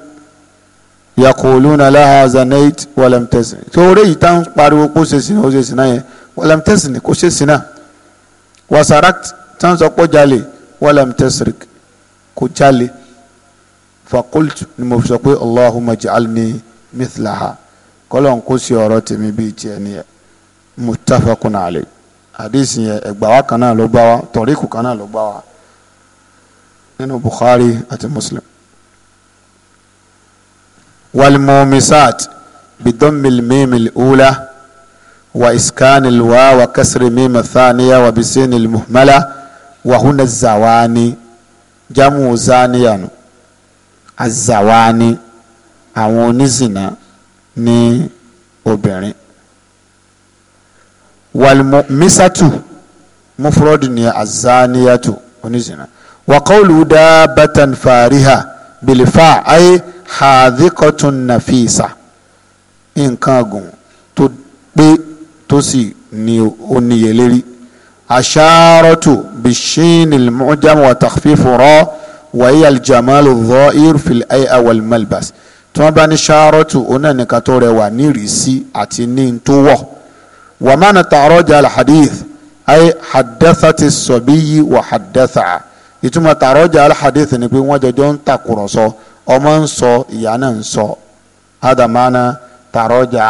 yaquluna laha zanait walam tẹ̀sìn yìí tán pariwo kó ṣe sinna ó ṣe sinna yẹn walam tẹ̀sìn kó ṣe sinna wasarak tán sọ pé jalè walam kó jalè fakultu ni mo sọ pé allahumma ja'alni mithlaha kọ́lọ̀ ń kó sí ọ̀rọ̀ tèmi bíi tiẹ̀ nìyẹn muttafaqun alayhi hadith yẹn ẹgbà wa kan náà ló gbà wá tọ̀ríkù kan ló gbà wá nínú bukhari àti muslim. والمومسات بضم الميم الأولى وإسكان الواو وكسر ميم الثانية وبسين المهملة وهنا الزواني jamu zaniyanu azawani àwọn onízìnà ní obìnrin walimu misatu mufurodi ni azaniyatu onízìnà wakawulu daabatan fariha bilifa ayi haadikotun nafisa nǹkan gùn tó pé tó sì ní oníyẹlẹ́rí asharatu bishin ilmujam wa takfifu ra wa iya aljamalu dhahir fil aya wal malbas tí wọ́n bá ní ṣáárọ́tù onínàníkà tó rẹwà ní ìrísí àti ní tó wọ̀ wa mana tààrọ́jà alhadith ay hadathati sọ̀bíyí wa hadatha ìtumọ̀ tààrọ́jà alhadith ni pé wọ́n jọjọ́ ń takùrọ̀sọ ọmọ ń sọ ìyá náà ń sọ adamana tààrọ́jà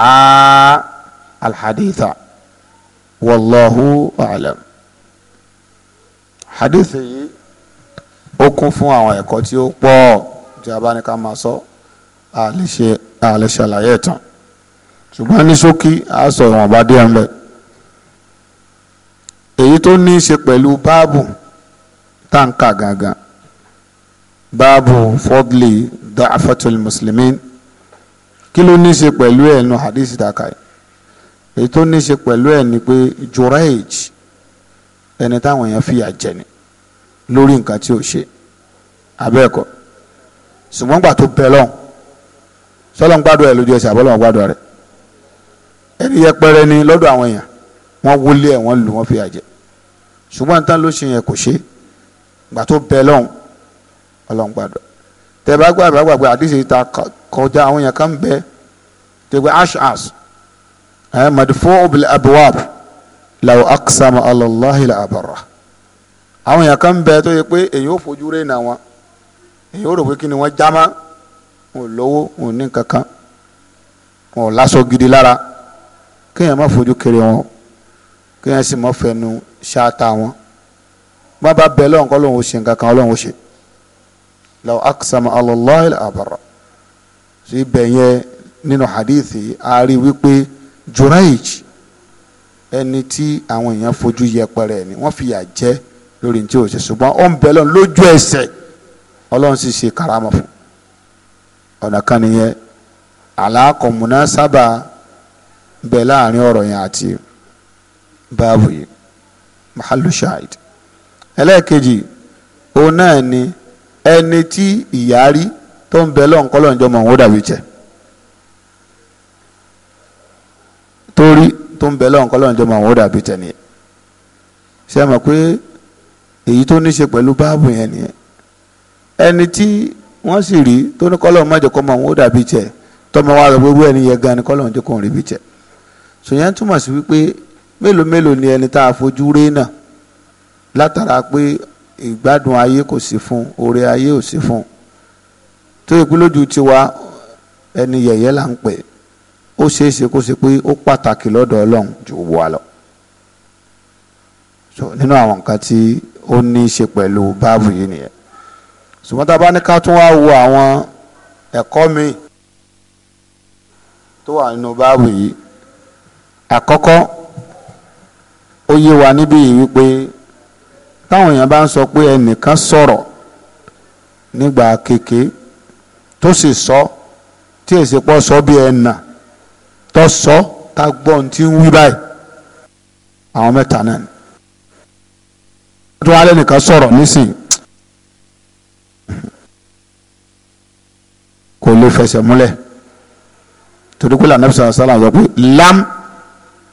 alhaditha wallahu alam hadith yìí ó kún fún àwọn ẹ̀kọ́ tí ó pọ̀ tí a bá ní ká máa sọ a lè ṣe a lè ṣàlàyé ẹ̀tàn ṣùgbọ́n ní ṣókí a sọ ìwọ̀nba díẹ̀ ńlẹ̀ èyí tó ní í ṣe pẹ̀lú báàbù táǹkà gangan báàbù fọ́dlì dáfẹ́tul muslimin kí ló ní í ṣe pẹ̀lú ẹ̀ nu hadith dàkàì èyí tó ní í ṣe pẹ̀lú ẹ̀ ni pé jùrẹ́ẹ̀jì ẹni táwọn èèyàn fìyà jẹ ni lórí nǹkan tí ò ṣe abẹ́ẹ̀kọ́ ṣùgbọ́n gbà tó bẹ lọ́hùn sọlọ́n gbádùn ẹ̀ lójú ẹsẹ̀ àbọ́lọ́wọ́n gbádùn rẹ̀ ẹni yẹpẹrẹ ni lọ́dọ̀ àwọn èèyàn wọ́n wọlé ẹ̀ wọ́n lù wọ́n fìyà jẹ ṣùgbọ́n nǹkan ló ṣe yẹn kò ṣe gbà tó bẹ lọ́hùn ọlọ́n gbádùn tẹ bá gbàgbé àdìsí ta kọjá àwọn èèyàn kan bẹ tẹ gbé ash ash ẹ mọ̀dìfọ́ law aqsama alallahi la abara àwọn èèyàn kan bẹ tó yẹ pé èyí ò fojú rẹ̀ nà wọn èyí ò rò pé kí ni wọ́n já má wọn ò lówó wọn ò ní kankan wọn ò láṣọ gidi lára kéèyàn má fojú kéré wọn kéèyàn sì má fẹnu ṣáàtà wọn wọn bá bẹ lọ́wọ́n kọ́ lóun ò ṣe nǹkan kan ọlọ́run ò ṣe law aqsama alallahi la abara sí ibẹ̀ yẹn nínú hadithi a rí wípé juraij ẹni tí àwọn èèyàn fojú yẹpẹrẹ ni wọ́n fìyà jẹ lórí ní tí ò ṣe ṣùgbọ́n ó ń bẹ lọ́n lójú ẹsẹ̀ ọlọ́run sì ṣe karama fún ọ̀nà kan nìyẹn àlàkọ̀mùná sábà bẹ láàrin ọ̀rọ̀ yẹn àti báàbù yìí mahalu shahid ẹlẹ́ẹ̀kejì òun náà ni ẹni tí ìyá rí tó ń bẹ lọ́nkọ́ ń wó dàbí jẹ́ torí tó ń bẹ lọ́wọ́n kọ́lọ́n jọmọ àwọn ó dàbí tẹ̀lé ṣe é mọ̀ pé èyí tó ní ṣe pẹ̀lú báàbù yẹn nìyẹn ẹni tí wọ́n sì rí tó ní kọ́lọ́n má jẹ́ kọ́ mọ àwọn ó dàbí tẹ̀ tọ́mọ wa lọ gbogbo ẹni yẹn gan ni kọ́lọ́n jẹ́ kó ń rí bí tẹ̀ sòyẹn túmọ̀ sí wípé mélòó mélòó ni ẹni tá a fojú rí náà látara pé ìgbádùn ayé kò sí fún oore ayé ò sí fún tó yẹ lójú tiwa ẹni yẹ̀yẹ́ là ń pè ó ṣeé ṣe kó ṣe pé ó pàtàkì lọ́dọ̀ ọlọ́run ju gbogbo wa lọ. so nínú àwọn nǹkan tí ó ní í ṣe pẹ̀lú báàbù yìí nìyẹn. ṣùgbọ́n tá a bá ní ká tún wá wo àwọn ẹ̀kọ́ mi tó wà nínú báàbù yìí àkọ́kọ́ ó yé wa níbí yìí wípé táwọn èèyàn bá ń sọ pé ẹnìkan sọ̀rọ̀ nígbà kéke tó sì sọ tí èsì pọ̀ sọ bí ẹnà tó sọ tá gbọ́ ohun tí ń wí báyìí àwọn mẹ́ta náà ni tó wálé nìkan sọ̀rọ̀ nísìnyí kò lè fẹsẹ̀ múlẹ̀ torí pé lànà bisalòlá sálàm sọ pé lam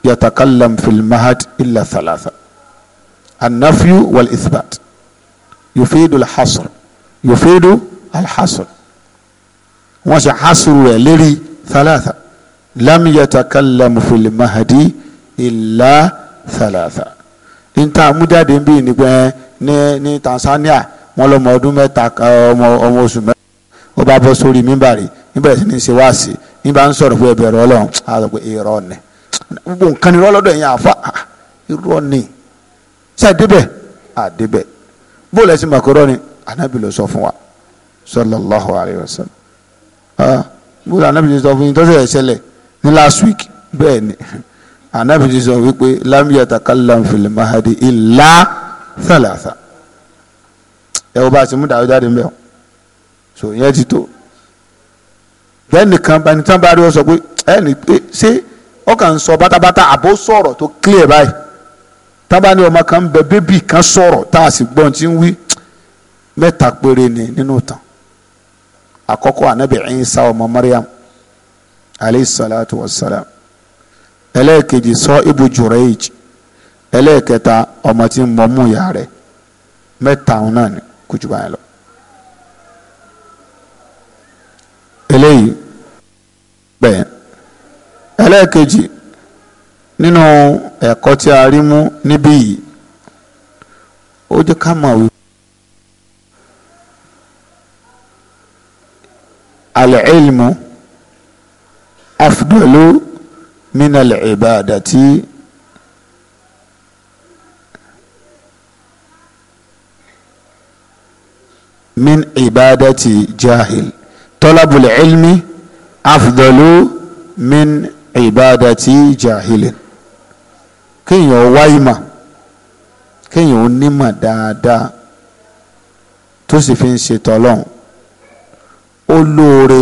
yatakallam fil mahad illa thalatha annafiyu wal isbat yufidu alhasr yufidu alhasr wọ́n ṣe hasru rẹ̀ lérí thalatha lam yatakallamu fil mahdi illa thalatha níta amújáde ń bí nígbẹ́ ní ní Tanzania wọn lọmọ ọdún mẹ́ta ọmọ ọmọ oṣù mẹ́ta ó bá bọ́ sórí mímbàrí níbẹ̀rẹ̀ sí ní ṣe wáàsí níbà ń sọ̀rọ̀ pé ẹbẹ̀rẹ̀ ọlọ́run á sọ pé irọ́ ni gbogbo nǹkan ni lọ́lọ́dọ̀ yẹn àfa irọ́ ni ṣe àdébẹ̀ àdébẹ̀ bó lẹ́sìn màkúrọ́ ni anábì ló sọ fún wa sallallahu alayhi wa sallam anábì ló sọ fún yín tó ṣẹlẹ̀ ṣẹlẹ̀ ní last week bẹ́ẹ̀ ni anabi ti sọ wípé lam yatakallam fil mahadi illa thalatha ẹ wo bá a ti mú dàrú jáde mbẹ́ o so yẹn ti tó bẹ́ẹ̀ nìkan bá nìkan bá rí ọ sọ pé ẹ ní pé ṣé ọkàn sọ bátabáta àbó sọ̀rọ̀ tó clear báyìí tábà ní ọmọ kan bẹ bébì kan sọ̀rọ̀ tá a sì gbọ́n ti ń wí mẹ́ta péré ni nínú tán àkọ́kọ́ anabi Isa ọmọ Mariam alayhi salatu wa salam ẹlẹ́ẹ̀kejì sọ ibu jureyj ẹlẹ́ẹ̀kẹta ọmọ tí ń mọ̀mú ìyá rẹ̀ mẹ́ta òun náà ni kò jù báyìí lọ. eléyìí bẹ́ẹ̀ ẹlẹ́ẹ̀kejì nínú ẹ̀kọ́ tí a rí mú níbí yìí ó jẹ́ ká mọ̀ wípé al-ilmu afdalu minal ibadati min ibadati jahil talabul ilmi afdalu min ibadati jahilin kéèyàn wá ìmọ̀ kéèyàn onímọ̀ dáadáa tó sì fi ń ṣe tọ́lọ́hún ó lóore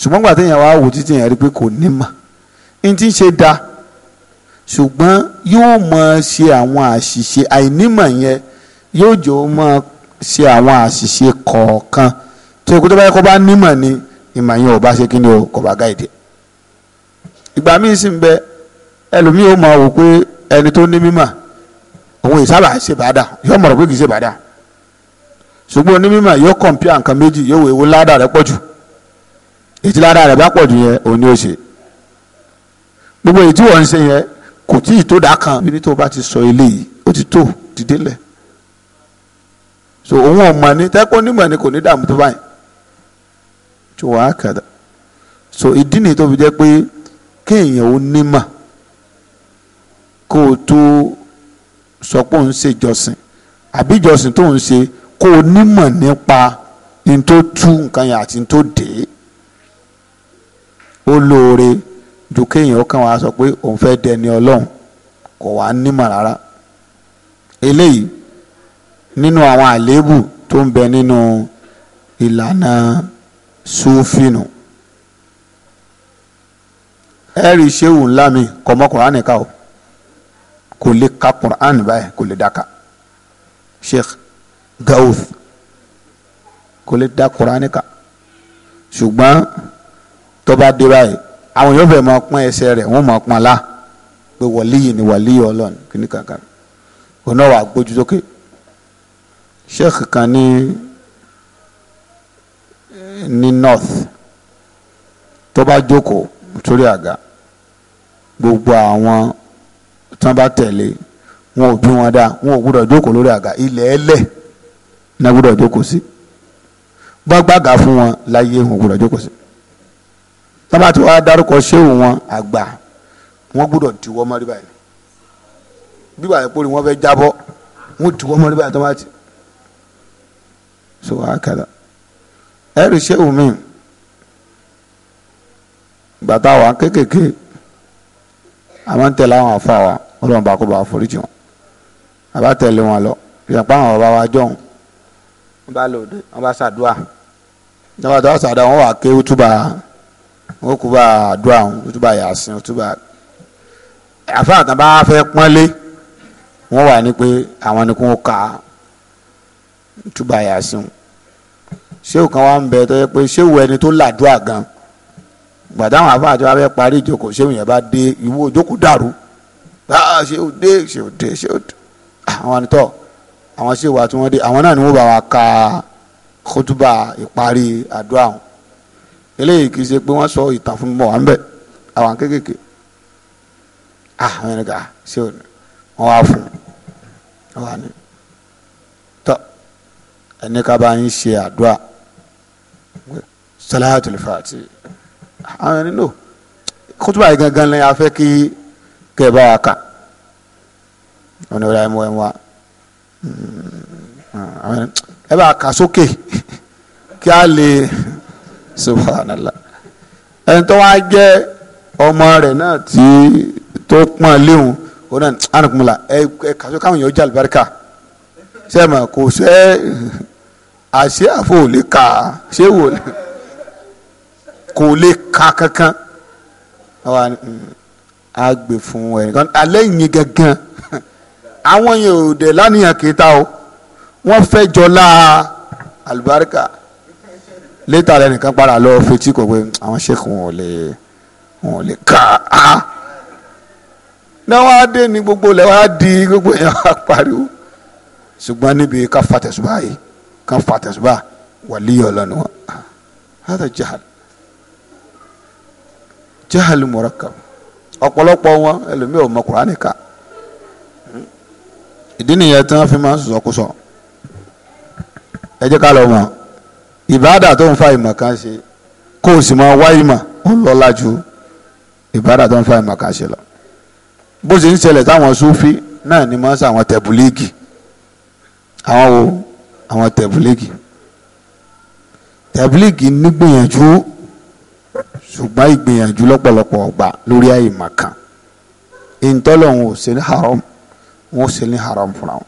ṣùgbọ́n gbà téèyàn wá wò títí yẹn rí pé kò ní mà ní ti ṣe da ṣùgbọ́n yóò máa ṣe àwọn àṣìṣe àìnímọ̀ yẹn yóò jọ máa ṣe àwọn àṣìṣe kọ̀ọ̀kan tó ikú tó bá yẹ kó bá nímọ̀ ni ìmọ̀ yẹn ò bá ṣe kí ni o kò bá gáìdì. E. ìgbà míì sì ń bẹ ẹlòmíì ó máa wò pé ẹni tó ní mímọ̀ òun ìsábà ṣèbàdà yóò mọ̀rọ̀ pé kì í ṣèbàdà ṣùgbọ́n onímọ̀ yóò kọ̀ǹpìà nǹkan méjì yóò wò ewu ládàá rẹ̀ pọ̀ jù ètí lára rẹ̀ bá pọ̀ jù yẹn òun ni ó ṣe gbogbo èyí tí wọ́n ń ṣe yẹn kò tí ì tó dà kan bí nítorí bá ti sọ eléyìí ó ti tó dìde lẹ̀ so òun ò mọ̀ ní tẹ́kọ́ onímọ̀ ni kò ní dààmú tó báyìí tí wọ́n á kàdà so ìdí nìyí tó fi jẹ́ pé kéèyàn ó nímọ̀ kó o tó sọ pé òun ṣe ìjọsìn àbí ìjọsìn tó ń ṣe kó o nímọ̀ nípa ní tó tú nǹkan yẹn àti ní tó dé ó lóore ju kéèyàn ó kàn wá sọ pé òun fẹ́ dẹni ọlọ́run kò wá nímọ̀ rárá eléyìí nínú àwọn àléébù tó ń bẹ nínú ìlànà sùfìnù ẹ̀rí ṣéwù ńlá mi kò mọ kùránì ká o kò lè ka kùránì báyìí kò lè daka Sheikh Gawth kò lè da kùránì ká ṣùgbọ́n tó bá dé báyìí àwọn yóò fẹ́ máa pọ́n ẹsẹ̀ rẹ̀ wọ́n máa pọ́n la pé wàlíyì ni wàlíyì ọlọ́run kíní kankan òun náà wà gbójú sókè sheikh kan ní ní north tó bá jókòó sórí àga gbogbo àwọn tí wọ́n bá tẹ̀lé wọn ò bí wọn dáa wọn ò gbúdọ̀ jókòó lórí àga ilẹ̀ ẹlẹ̀ náà gbúdọ̀ jókòó sí bá gbàgà fún wọn láyé wọn ò gbúdọ̀ jókòó sí tábà tí wàá dárúkọ ṣéwù wọn àgbà wọn gbúdọ̀ ti wọ́ mọ́rí báyìí bí wàá pòrí wọn fẹ́ jábọ́ wọn ti wọ́ mọ́rí báyìí tábà tí so wàá kàdà ẹ̀rì ṣéwù mi gbàtà wà kékèké àmọ́ ń tẹ̀lé àwọn afa wa ọlọ́run bá kó bá foríjì wọn àbá tẹ̀lé wọn lọ ìyàpá àwọn ọba wa jọ̀hún wọn bá lòdì wọn bá ṣàdúà wọn bá tó àṣàdá wà kéwú túbà wọn kò bá àdúrà wọn kò túbà yàsìn wọn túbà àfa àtàn bá fẹ́ pọ́nlé wọn wà ní pé àwọn ni kò ń ka túbà yàsìn wọn ṣéwù kan wà ń bẹ tó yẹ pé ṣéwù ẹni tó làdúrà gan gbàdáwọn àfa àti wọn fẹ́ parí ìjókòó ṣéwù yẹn bá dé ìwọ òjókòó dàrú ṣéwù dé ṣéwù dé ṣéwù dé ah, àwọn ànitọ́ àwọn ṣéwù àti wọn dé àwọn náà ni wọn bá wa ka kótóbà ìparí àdúrà wọn eléyìí kì í ṣe pé wọ́n sọ ìtàn fún bọ̀ wá ń bẹ̀ àwọn kéékèèké ah àwọn ẹni ká ṣé o ní wọ́n wá fún un wọ́n ní tọ́ ẹni ká bá ń ṣe àdúrà salatul fati àwọn ẹni nò kótópà yìí gangan lẹ́yìn afẹ́ kí kẹ́ ẹ bá wa kà ọ̀nà ìwé ẹ̀mú ẹ̀mú wa hmm. ẹ bá kà sókè kí a lè subhanallah ẹni tó wá jẹ́ ọmọ rẹ̀ náà tí tó pọ́n léwu ó náà anukumula ẹ kàṣọ káwọn yóò jẹ àlùbáríkà sẹ́mi kò sẹ́ àṣẹ àfọ ò lè kà á ṣé wò kò lè ka kankan àwa hmm, á gbé fún ẹnìkan alẹ́ yìí gangan àwọn yẹn ò dẹ̀ lánìyàn kìí ta o wọ́n fẹ́ jọlá àlùbáríkà. Leta rẹ nìkan para lọ fetí kò pé àwọn sẹ́kù wọn ò lè wọn ò lè ká a náà wá dé ní gbogbo ilẹ̀ wá di gbogbo yẹn wá pariwo ṣùgbọ́n níbi ká fa tẹ̀sùbá yìí ká fa tẹ̀sùbá wàlíyọ̀ lọ́nu wọn hàtà jahal jahal murakkab ọ̀pọ̀lọpọ̀ wọn ẹlòmíì ò mọ ìdí nìyẹn tí wọ́n fi máa ń sọ̀sọ̀ ẹ jẹ́ ká lọ mọ̀ ìbáàdà tó ń fa ìmọ̀ kan ṣe kó o sì máa wá ìmọ̀ ó lọ́lá ju ìbáàdà tó ń fa ìmọ̀ kan ṣe lọ. bó ṣe ń ṣẹlẹ̀ táwọn sufi náà ni máa ń sàwọn tẹ̀bùlíìgì àwọn wo àwọn tẹ̀bùlíìgì tẹ̀bùlíìgì nígbìyànjú ṣùgbọ́n ìgbìyànjú lọ́pọ̀lọpọ̀ ọgbà lórí àìmọ̀ kan ò ṣe ní haram wọn ò ṣe ní haram fúnra wọn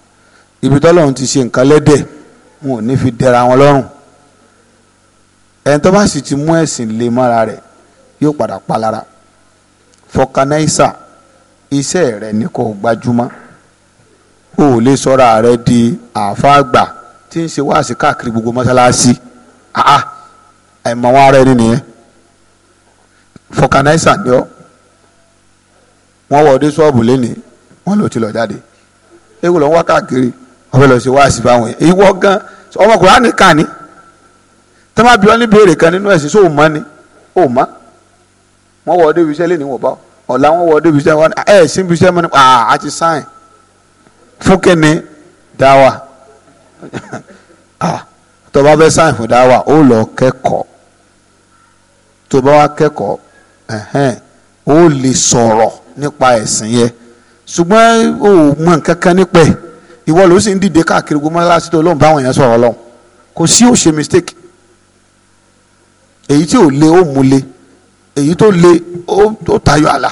ibi tọ́lọ́hún ti ṣe nǹkan lẹ́dẹ̀ wọn ò ní fi dẹ̀ra wọn lọ́rùn ẹni tó bá sì ti mú ẹ̀sìn lé mọ́ra rẹ̀ yóò padà palára fọkanáísà iṣẹ́ rẹ̀ ni kò gbajúmọ̀ o ò lè sọ́ra rẹ̀ di àfáàgbà tí ń ṣe wáàsí káàkiri gbogbo mọ́ṣáláṣí àá ara ẹni nìyẹn fọkanáísà ni ọ́ wọ́n wọ̀ dé ṣọ́ọ̀bù lẹ́nìí wọ́n lò ti lọ jáde ewu lọ́n wá káàkiri wọ́n fẹ́ lọ ṣe wáàsí fáwọn yẹn ìwọ gan ọmọkùnrin á ní kàn ní tó bá bí wọn ní béèrè kan nínú ẹ̀sìn sóò mọ́ ni ò mọ́ wọn wọ ọdẹ ibi iṣẹ́ lẹ́nu ìwọ̀nba ọ̀la wọn wọ ọdẹ ibi iṣẹ́ wọn ni ẹ̀ sí ibi iṣẹ́ mọ́ ni à ti sáìn fún kíni dáwà tó bá fẹ́ sáìn fún dáwà ó lọ kẹ́kọ̀ọ́ tó bá wá kẹ́kọ̀ọ́ ó lè sọ̀rọ̀ nípa ẹ̀sìn yẹn ṣùgbọ́n ó mọ nǹkan kan nípẹ́ ìwọ ló sì ń dìde káàkiri gbọmọ láti èyí tí ò le ó mu le èyí tó le ó tayọ àlà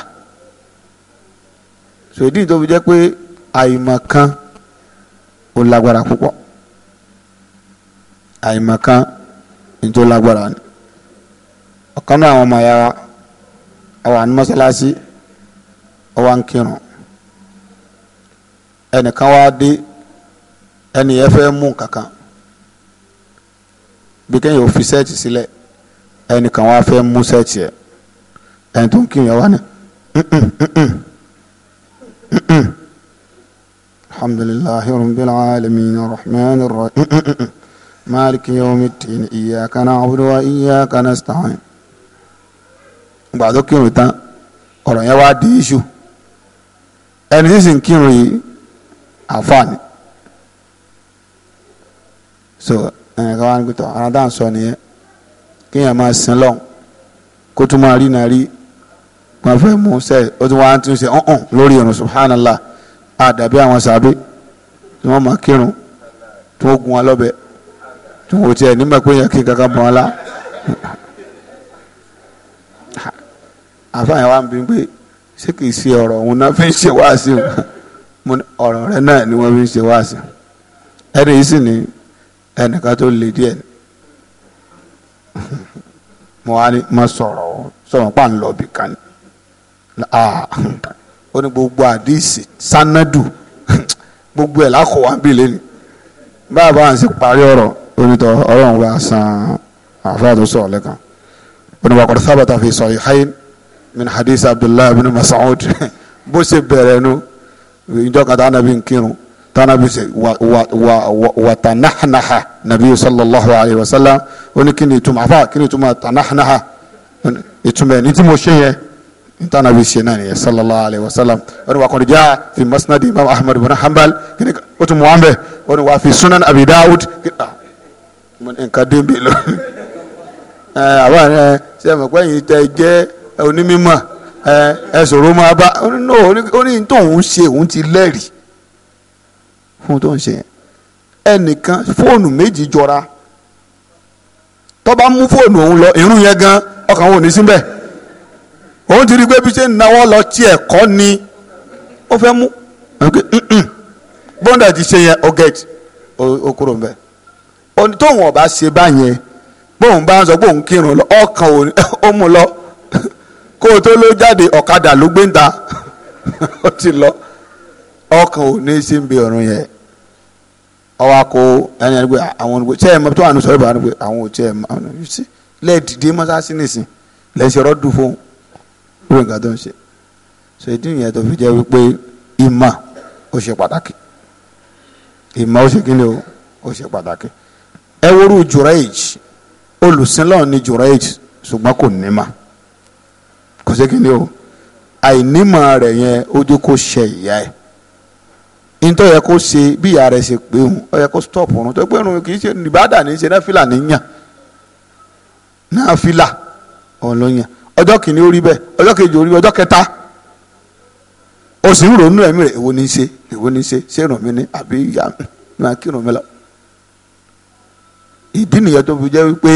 sòdí tó fi jẹ́ pé àìmọ̀ kan ó lágbára púpọ̀ àìmọ̀ kan ní tó lágbára ni ọ̀kan náà àwọn ọmọ ẹ̀yà wa àwa mọ́sálásí ọwá ń ẹnìkan wá dé ẹnìyẹn fẹ́ mú nǹkan bí kẹ́yìn ò fi sẹ́ẹ̀tì sílẹ̀. Si ẹnìkan wá fẹ́ mú sẹ́ẹ̀tì ẹ̀ ẹni tó ń kírun yẹn wá ní alhamdulillahi rabbil alamin rahmanir rahim maliki yawmiddin iyyaka na'budu wa iyyaka nasta'in gbàdó kírun tán ọ̀rọ̀ yẹn wá di iṣu ẹni tí sì ń kírun yìí àfààní so ẹnìkan wá ń gbé tọ̀ ara dáhùn sọ nìyẹn kéèyàn máa sin lọ́hùn kó tún máa rí náà rí wọn fẹ́ mú sẹ́ ó tún wáá tún ṣe ọ̀hún lórí ìrun subhanallah àdàbí àwọn sàbí tí wọ́n máa kírun tí wọ́n gun wọn lọ́bẹ̀ tí wọ́n tiẹ̀ nígbà pé yẹn kí n kankan bọ̀ wọn lá. àfààyàn wa ń bí pé ṣé kì í ṣe ọ̀rọ̀ òun náà fi ń ṣe wáàsí o ọ̀rọ̀ rẹ̀ náà ni wọ́n fi ń ṣe wáàsí ẹni yìí sì ni ẹnìkan tó le díẹ̀ ni mo wá ní mo sọ̀rọ̀ sọ̀rọ̀ pa ń lọ bì kan ni ah, ó ní gbogbo àdìsí sanadu gbogbo ẹ̀ lákọ̀wá ń bì lẹ́nu báyà báyà ń sì parí ọ̀rọ̀ onítọ̀ ọlọ́run bá san àfáà tó sọ̀rọ̀ lẹ́kan ó sábàtà fi sọ ìháyín min hadith abdullahi bin masaud bó ṣe bẹ̀rẹ̀ nu ìjọ kata anabi ń tana bi se wa wa wa wa wa tanahnaha nabi sallallahu alayhi wa sallam ó ní kíni ìtumọ̀ afa kíni ìtumọ̀ tanahnaha ìtumọ̀ ní tí mo ṣe yẹ n tana bi se naani yẹ sallallahu alayhi wa sallam ó ní wa kọni jaa fi masnadi imam ahmad bin hanbal kíni ó tún mu an bẹ ó ní wa fi sunan abi dawud nka den bi lọ ẹẹ a b'a yẹrẹ ṣe ma ko ẹ̀yin tẹ́ jẹ́ onímọ̀ ẹẹ ẹsọ̀rọ̀ ma ba ó ní n'o ó ní ntọn òun ṣe òun ti lẹ́rìí fún tó ń ṣe ẹnìkan fóònù méjì jọra tó bá mú fóònù òun lọ irun yẹn gan ọkàn òun ò ní síbẹ̀ òun ti rí i pé bí ṣe ń nawọ́ lọ tí ẹ̀kọ́ ni ó fẹ́ mú bọ́ńdà ti ṣe yẹn ọ̀gẹ́t okoro mbẹ́ òní tóun ọba ṣe báyẹn bóun bá ń sọ bóun kírun lọ ọkàn òun ó mú lọ kó o tó ló jáde ọ̀kadà ló gbé ń ta ó ti lọ ọkàn ò ní sí ibi ọ̀run yẹn ọwọ́ akọ ẹni ẹni pé àwọn olùgbé tí ẹ mọ tó wà ní sọ̀rọ̀ ìbára pé àwọn ò tí ẹ mọ àwọn ò sí lẹ́ẹ̀dìdì mọ́sáàsì nìsín lẹ́sẹ̀ ọ̀rọ̀ dùn fún lórí nǹkan tó ń ṣe ṣe ìdí nìyẹn tó fi jẹ́ wípé ìmọ̀ ó ṣe pàtàkì ìmọ̀ ó ṣe kílẹ̀ o ó ṣe pàtàkì ẹ wúrú jùrẹ́ẹ̀jì olùsínlọ́ọ̀ ni jùrẹ́ẹ̀jì ṣùgbọ́n kò ní mà kò ṣe kílẹ̀ o àìnímọ̀ rẹ̀ yẹn ó dúkó ṣe ìyá ẹ̀ ntọ́ yẹ kó ṣe bí ìyá rẹ̀ ṣe pé òun ọ yẹ kó stop òun tó pé òun kì í ṣe ìbádà ní ṣe náfìlà níyàn náfìlà ọlọ́yàn ọjọ́ kìíní ó rí bẹ́ẹ̀ ọjọ́ kejì ó rí ọjọ́ kẹta ó sì ń ronú ẹ̀mí rẹ̀ èwo ní í ṣe èwo ní í ṣe ṣé ràn mí ní àbí ìyá mi máa kírun mi lọ. ìdí nìyẹn tó fi jẹ́ wípé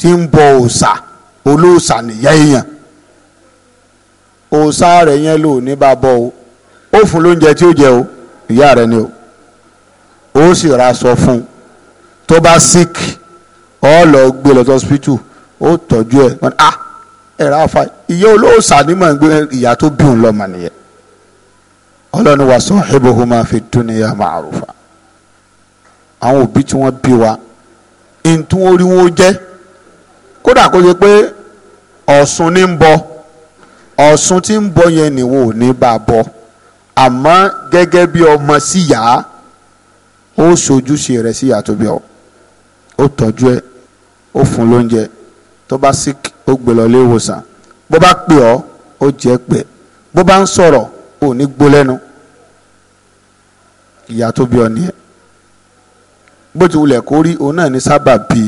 tí ń bọ òòṣà olóòṣà nìyá èèyàn òòṣà rẹ̀ yẹn lò ní bá bọ́ o ó fún lóúnjẹ tí ó jẹ ìyá rẹ ni o ó sì ra aṣọ fún un tó bá sick ọ lọ gbé lọ hospital ó tọ́jú ẹ̀ wọn ah ẹ̀rọ afa ìyá olóòsà ni mà ń gbé ìyá tó bí òun lọ́mọ nìyẹn ọlọ́ni wa sahibuhuma fi dunya ma'rufa àwọn òbí tí wọ́n bí wa ntún orí wọn jẹ́ kódà kó ṣe pé ọ̀sùn ní ń bọ ọ̀sùn tí ń bọ yẹn nìwọ̀n ní bá bọ́ àmọ́ gẹ́gẹ́ bí ọmọ síyà ó ṣojúṣe rẹ̀ síyà tó bí ọ ó tọ́jú ẹ ó fún lóúnjẹ tó bá sick ó gbé lọ ilé ìwòsàn bó bá pè ọ́ ó jẹ́ pẹ́ bó bá ń sọ̀rọ̀ ò ní gbó lẹ́nu ìyá tó bí ọ nìyẹn bó ti wulẹ̀ kó òun náà ní sábà bí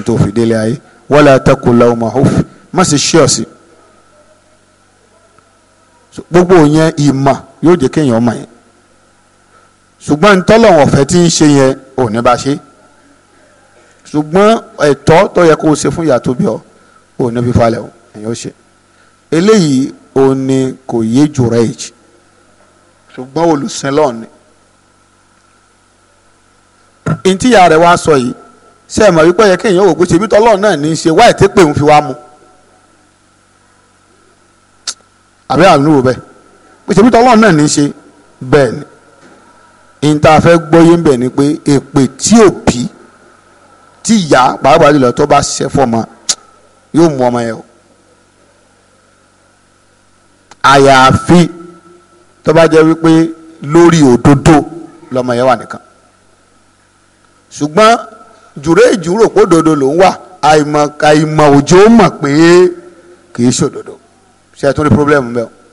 ntòfin délé ayé wala taqul lahuma uff má sì ṣí ọ̀sìn gbogbo yẹn ìmọ̀ yóò jẹ́ kéèyàn mọ̀ yẹn ṣùgbọ́n ntọ́lọ́wọ̀n ọ̀fẹ́ tí ń ṣe yẹn ò ní bá ṣe ṣùgbọ́n ẹ̀tọ́ tó yẹ kó o ṣe fún ìyá tó bí ọ ò ní fi falẹ̀ o ẹ̀yìn ó ṣe eléyìí ò ní kò yé jù rẹ̀ èjì ṣùgbọ́n olùsìnlọ́ọ̀ ni ntíya rẹ̀ wá sọ yìí ṣe é mọ̀ wípé yẹ kéèyàn òògùn ṣe ibi náà ní í ṣe wáyé tí òun fi wá mu àbí àmì wò bẹ́ẹ̀ pèsèbí tọ́lọ́run náà ní í ṣe bẹ́ẹ̀ ni ìta fẹ́ gbọ́yé ń bẹ̀ ni pé èpè tí ò bí tí ìyá pàápàá jùlọ tó bá ṣiṣẹ́ fọmọ yóò mú ọmọ yẹn o àyàfi tó bá jẹ́ wípé lórí òdodo lọmọ yẹn wà nìkan ṣùgbọ́n jùrẹ́ ìjúrò kó dodo ló ń wà àìmọ̀ àìmọ̀ òjò mọ̀ pé kì í ṣòdodo ṣe é tún rí pírọ́blẹ́mù bẹ́ẹ̀ o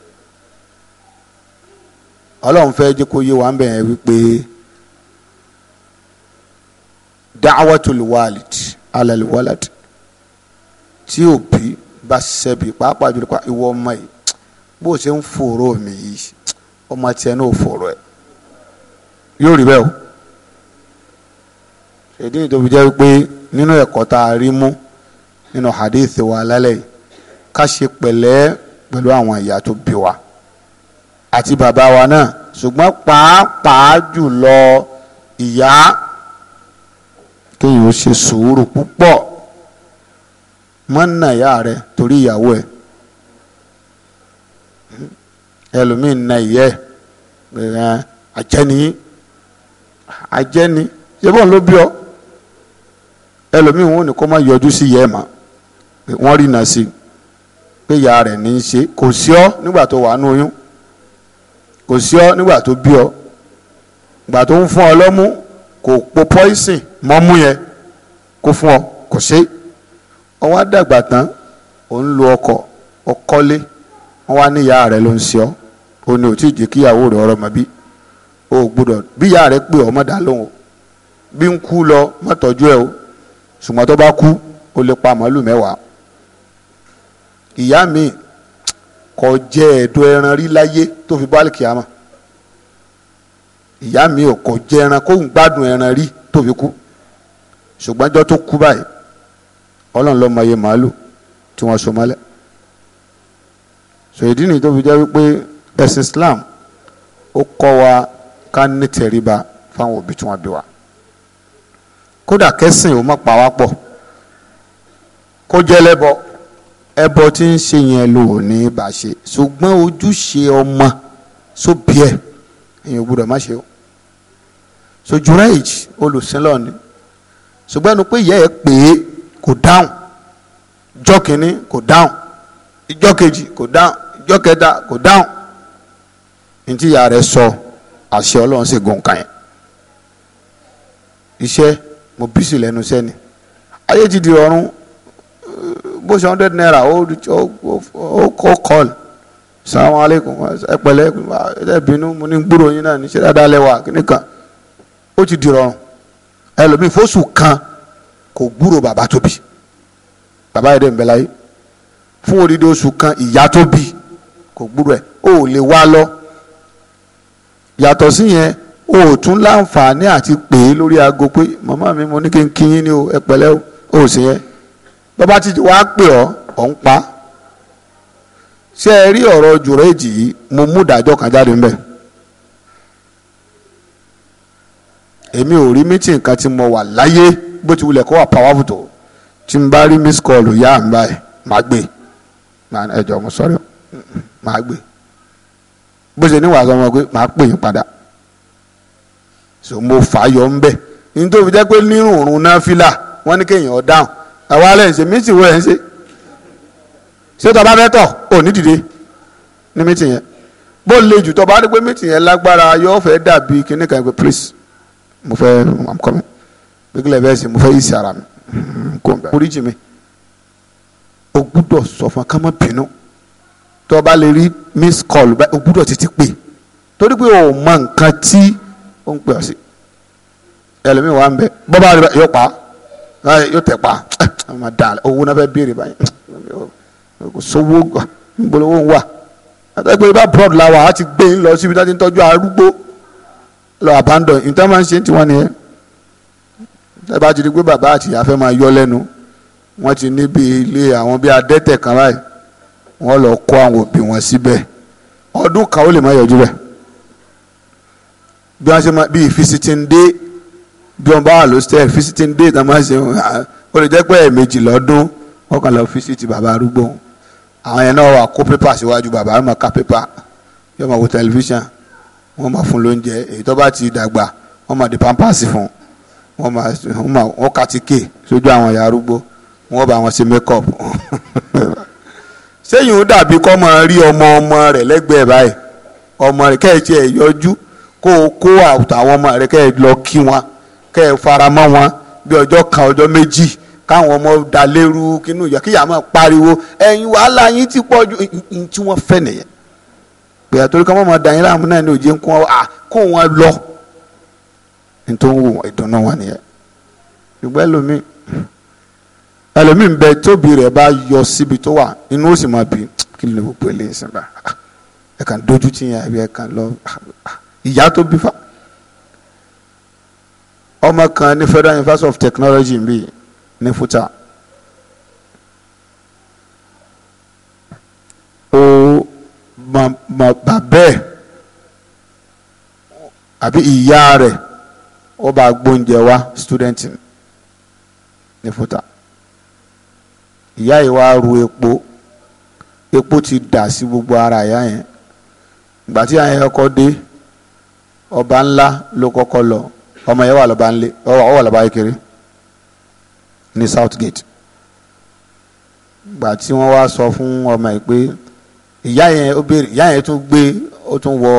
ọlọ́run fẹ́ jẹ́ kó yé wa ń bẹ̀rẹ̀ wípé da'watul walid alal walad tí òbí bá ṣẹbi pàápàá jùlọ ìwọ ọmọ yìí bó o ṣe ń fòrò mi yìí ọmọ tiẹ̀ náà fòrò ẹ̀ yóò rí bẹ́ẹ̀ o èdè ìdòbí jẹ́ wípé nínú ẹ̀kọ́ tá a rí mú nínú hadith wa lálẹ́ yìí ká ṣe pẹ̀lẹ́ pẹ̀lú àwọn ìyá tó bí wa àti bàbá wa náà ṣùgbọ́n pàápàá jùlọ ìyá kéèyàn ó ṣe sùúrù púpọ̀ mọ́nà ìyá rẹ torí ìyàwó ẹ̀ ẹlòmíín na ìyẹ́ ẹ̀ àjẹni àjẹni yẹ́bọ̀n ló bí ọ ẹlòmíín wọn ò ní kó má yọjú sí ìyẹ́ ẹ̀ mọ́ rí nà sí pé ìyá rẹ̀ ní í ṣe kò sí ọ nígbà tó wà á nú oyún kò sí ọ nígbà tó bí ọ ìgbà tó ń fún ọ lọ́mú kò po poison mọ́mú yẹn kó fún ọ kò ṣe é ọ wá dàgbà tán ò ń lo ọkọ̀ ọkọ́lé wọ́n wá ní ìyá rẹ ló ń ṣe ọ́ ó ní òtí ìjẹ́ kíyàwó rẹ ọ̀rọ̀ mọ́ bí o gbọ́dọ̀ bí ìyá rẹ pé ọmọ dà lóhùn bí ń kú lọ má ẹ o ṣùgbọ́n tó bá kú o lè pa màálù mẹ́wàá ìyá mi kò jẹ ẹ̀dọ̀ ẹran rí láyé tó fi bọ́ àlìkìyàmà ìyá mi ò kò jẹ ẹran kó ń gbádùn ẹran rí tó fi kú ṣùgbọ́n ọjọ́ tó kú báyìí ọlọ́run ló mọ iye màálù tí wọ́n so mọ́lẹ̀ so ìdí tó fi jẹ́ wípé ẹ̀sìn Islam ó kọ́ wa ká ní tẹríba fáwọn òbí tí wọ́n bí wa kódà kẹ́sìn ò má pa kó jẹ́ lẹ́bọ̀ọ́ ẹbọ tí ń ṣe yẹn ló ò ní bá ṣe ṣùgbọ́n ojúṣe ọmọ sóbì ẹ̀ èèyàn gbọ́dọ̀ má ṣe o so Juraij olùsínlọ ni ṣùgbọ́n ẹnu pé ìyá ẹ̀ pè é kò dáhùn ìjọ́ kìíní kò dáhùn ìjọ́ kejì kò dáhùn ìjọ́ kẹta kò dáhùn ní tí ìyá rẹ̀ sọ àṣẹ ọlọ́run sì gùn kàn yẹn iṣẹ́ mo bísí lẹ́nu sẹ́ni ayé ti di ọ̀run bó ṣe hundred naira ó kọ́ call salamu aleykum ẹ pẹ̀lẹ́ ẹ bínú mo ní gbúrò yín náà ní ṣe dáadáa lẹ́wà kíní kan ó ti dìrọ̀rùn ẹlòmíì fóṣù kan kò gbúrò bàbá tó bí bàbá yìí dẹ̀ ń bẹ láyé fún odidi oṣù kan ìyá tó bí kò gbúrò ẹ̀ ó lè wá lọ yàtọ̀ sí yẹn o tún láǹfààní àti pè é lórí aago pé màmá mi mo ní kí n kí yín ní o ẹ pẹ̀lẹ́ o ò sí yẹn tó bá ti wá pè ọ́ ọ̀ ń pa ṣé ẹ rí ọ̀rọ̀ jùrẹ́jì yìí mo mú ìdájọ́ kan jáde ńbẹ̀ èmi ò rí mítìn kan tí mo wà láyé bó ti wulẹ̀ kó wà powerful tó tí n bá rí miss call yá mi báyìí màá gbé ẹjọ́ mo sọ́rí màá gbé bó ṣe níwàá sọ wọn pé màá pè yín padà so mo fà á yọ ńbẹ̀ nítorí jẹ́ pé nírùnrún náà fìlà wọ́n ní kéèyàn dáhùn àwa alẹ́ ń ṣe mítìn wo ẹ̀ ń ṣe ṣé tọba fẹ́ tọ̀ ò ní dìde ní mítìn yẹn bó le jù tọba rí pé mítìn yẹn lágbára yóò fẹ́ dàbí kíní kan pé please mo fẹ́ i'm coming gbégbélé bẹ́ẹ̀ sì mo fẹ́ yìí sí ara mi hmm, kò ń bẹ̀ orí jì mi o gbúdọ̀ sọ fún ká bínú tọba lè rí miss call o gbúdọ̀ títí pè torí pé o mọ nǹkan tí ó ń pè ọ́ sí ẹlòmíì wà ń bẹ bọ́ba yóò pa á yóò tẹ̀ pa owó náà fẹ́ béèrè báyìí kò sówó gbolówó ń wà àtẹ́gbẹ́ ibà broad la wà á ti gbé yín lọ síbi tá a ti ń tọ́jú arúgbó lọ abandon nǹkan máa ń ṣe tiwọn nìyẹn ẹ bá ti di pé bàbá àti ìyá fẹ́ máa yọ lẹ́nu wọ́n ti níbi ilé àwọn bíi adẹ́tẹ̀ kan báyìí wọ́n lọ kó àwọn òbí wọn síbẹ̀ ọdún kan ó lè má yọjú bẹ̀ bí wọ́n ṣe máa bíi fisitin dé bí wọn bá wà lóstẹ fisiting day tá a máa ṣe ó lè jẹ́ pé ẹ̀ẹ̀mejì lọ́dún wọn lọ fisiti bàbá arúgbó àwọn yẹn náà wà kó pépà síwájú bàbá àrùn máa pépà yóò máa wo tẹlifíṣàn wọn máa fún lóúnjẹ èyí tó bá ti dàgbà wọn máa di pampasì fún wọn máa wọn kàtíkè sójú àwọn ìyá arúgbó wọn bá wọn ṣe makeup sẹ́yìn ó dàbí kọ́ máa rí ọmọ ọmọ rẹ̀ lẹ́gbẹ̀ẹ́ báyìí ọmọ rẹ̀ kẹ́ẹ̀tì ẹ̀ yọjú kó o kó àtàwọn ọmọ rẹ̀ kẹ́ẹ̀ lọ kí wọn kẹ́ ẹ faramọ́ wọn bí ọjọ́ kan ọjọ́ méjì káwọn ọmọ dalérú kínú ìyá kíyà máa pariwo ẹ̀yin wàhálà yín ti pọ̀ ju tí wọ́n fẹ́ nìyẹn gbèyà torí ká wọ́n máa dàn yín láàmú náà ní òjé ń kún wọn kó wọn lọ nítorí wù wọn ìdùnnú wọn nìyẹn ṣùgbọ́n ẹlòmíì ẹlòmíì ń bẹ tóbi rẹ̀ bá yọ síbi tó wà inú ó sì máa bì kí ni gbogbo eléyìí bá ẹ kàn dójú tì àbí ẹ kàn lọ ìyá tó bí fa ọmọ kan ní Federal University of Technology ń bì ní Fúta ó mọ mọ bàbẹ́ ẹ̀ àbí ìyá rẹ̀ ó bá gbóúnjẹ wá student ní Fúta ìyá yìí wá ru epo epo ti dà sí gbogbo ara ìyá yẹn ìgbà àyẹ̀kọ́ dé ọba ńlá ló kọ́kọ́ lọ ọmọ yẹn wà lọ́ba ńlé ọ wà lọ́ba ayékéré ní Southgate gbà tí wọ́n wá sọ fún ọmọ yìí pé ìyá yẹn ó béèrè ìyá yẹn tún gbé ó tún wọ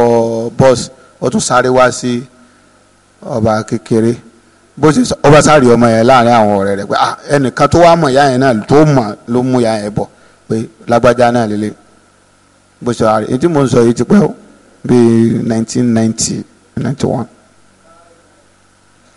bọ́ọ̀sì ó tún sáré wá sí ọba kékeré bó ṣe sọ ọba sáré ọmọ yẹn láàrin àwọn ọ̀rẹ́ rẹ̀ pé ah, ẹnìkan tó wá mọ̀ ìyá yẹn náà tó mọ̀ ló mú ìyá yẹn bọ̀ pé lágbájá náà lélẹ̀ bó ṣe wá rí etí mò ń sọ yìí ti pẹ́ bíi nineteen ninety ninety one.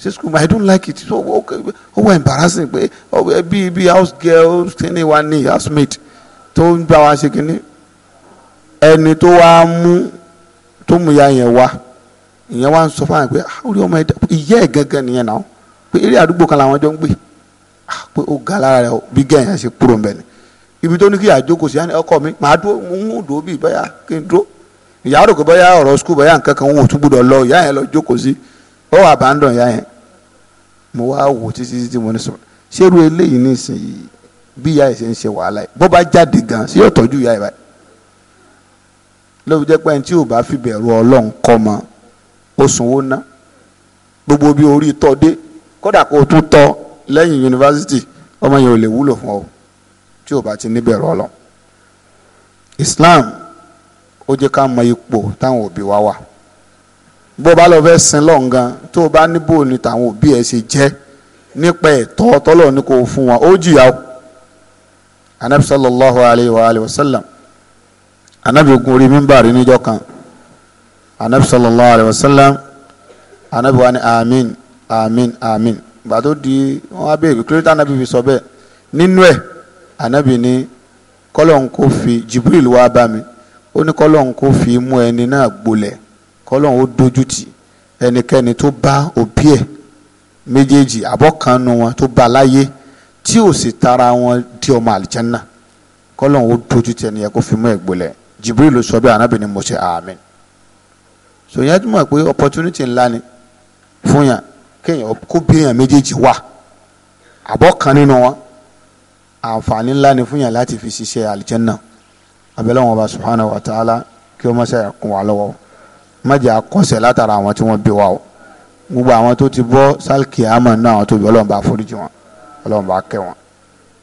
ṣe school i don't like it so ó wà embarrassing pé oh, bí bí house girl kíní wa ní housemaid tó ń bá wa ṣe kíní ẹni tó wá mú tó mú ya yẹn wá ìyẹn wá ń sọ fáwọn pé ah, orí ọmọ ìyá ẹ̀ gangan nìyẹn náà pé eré àdúgbò kan làwọn jọ ń gbé ah, pé ó ga lára rẹ bí gẹ̀yìn ṣe kúrò ń ni ibi tó ní kí ìyá jókòó sí ọkọ mi màá dúró ń dúró bíi báyà kí n dúró ìyá rò báyà ọ̀rọ̀ skul báyà nǹkan kan ń wò tún gbọdọ̀ lọ ìyá yẹn lọ jókòó sí ó abandon ya yẹn mo wá wò títí títí mo ní sọ ṣerú eléyìí nísìnyí bí ṣe wàhálà yìí bó bá jáde gan sí yóò tọ́jú ìyá yìí báyìí pé ẹni tí ò fi bẹ̀rù ọlọ́run kọ́ ma ó sunwó ná gbogbo bí orí tọ́ dé kódà o tún tọ́ lẹ́yìn yunifásitì ọmọ yẹn ò fún ọ tí ò bá ti ní bẹ̀rù ọlọ́run Islam ó jẹ́ ká mọ ipò táwọn òbí wa wà. bó bá lọ fẹ́ sin lọ́n gan tó o bá níbò ní tàwọn òbí ẹ ṣe jẹ́ nípa ẹ̀tọ́ tọ́lọ̀ ní kò fún wọn ó jìyà o anabi sallallahu alayhi wa alayhi wa sallam anabi gun orí mímbàrí níjọ́ kan anabi sallallahu alayhi wa sallam anabi wa ni amin amin amin gbàtó di wọn á béèrè kílódé anabi fi sọ bẹ́ẹ̀ nínú ẹ̀ anabi ni kọ́lọ̀ ń kó fi jibril wá bá mi ó ní kọ́lọ̀ ń kó fi mú ẹni náà gbolẹ̀ kọ́lọ́hún ó dojú ti ẹnikẹ́ni tó bá òbí ẹ̀ méjèèjì àbọ̀kanu wọn tó bá láyé tí ò sì tara wọn di ọmọ àlìjánná kọ́lọ́hún ó dojú ti ẹnìyẹn kó fi mú ẹ̀ Jibril ló sọ bí Ànábì ni mo ṣe àmín so yẹn túmọ̀ pé opportunity ńlá ni fún yàn kéèyàn kó bí èèyàn méjèèjì wà àbọ̀kan nínú wọn àǹfààní ńlá ni fún yàn láti fi ṣiṣẹ́ àlìjánná abẹ́lẹ́ wọn bá subhanahu wa ta'ala kí wọ́n má ṣe àkùn lọ́wọ́ mọ̀jà kọsẹ̀ látara àwọn tí wọ́n bí wa o gbogbo àwọn tó ti bọ́ sálkì àmọ́ náà àwọn tó bí ọlọ́run bá foríjì wọn ọlọ́run bá kẹ́ wọn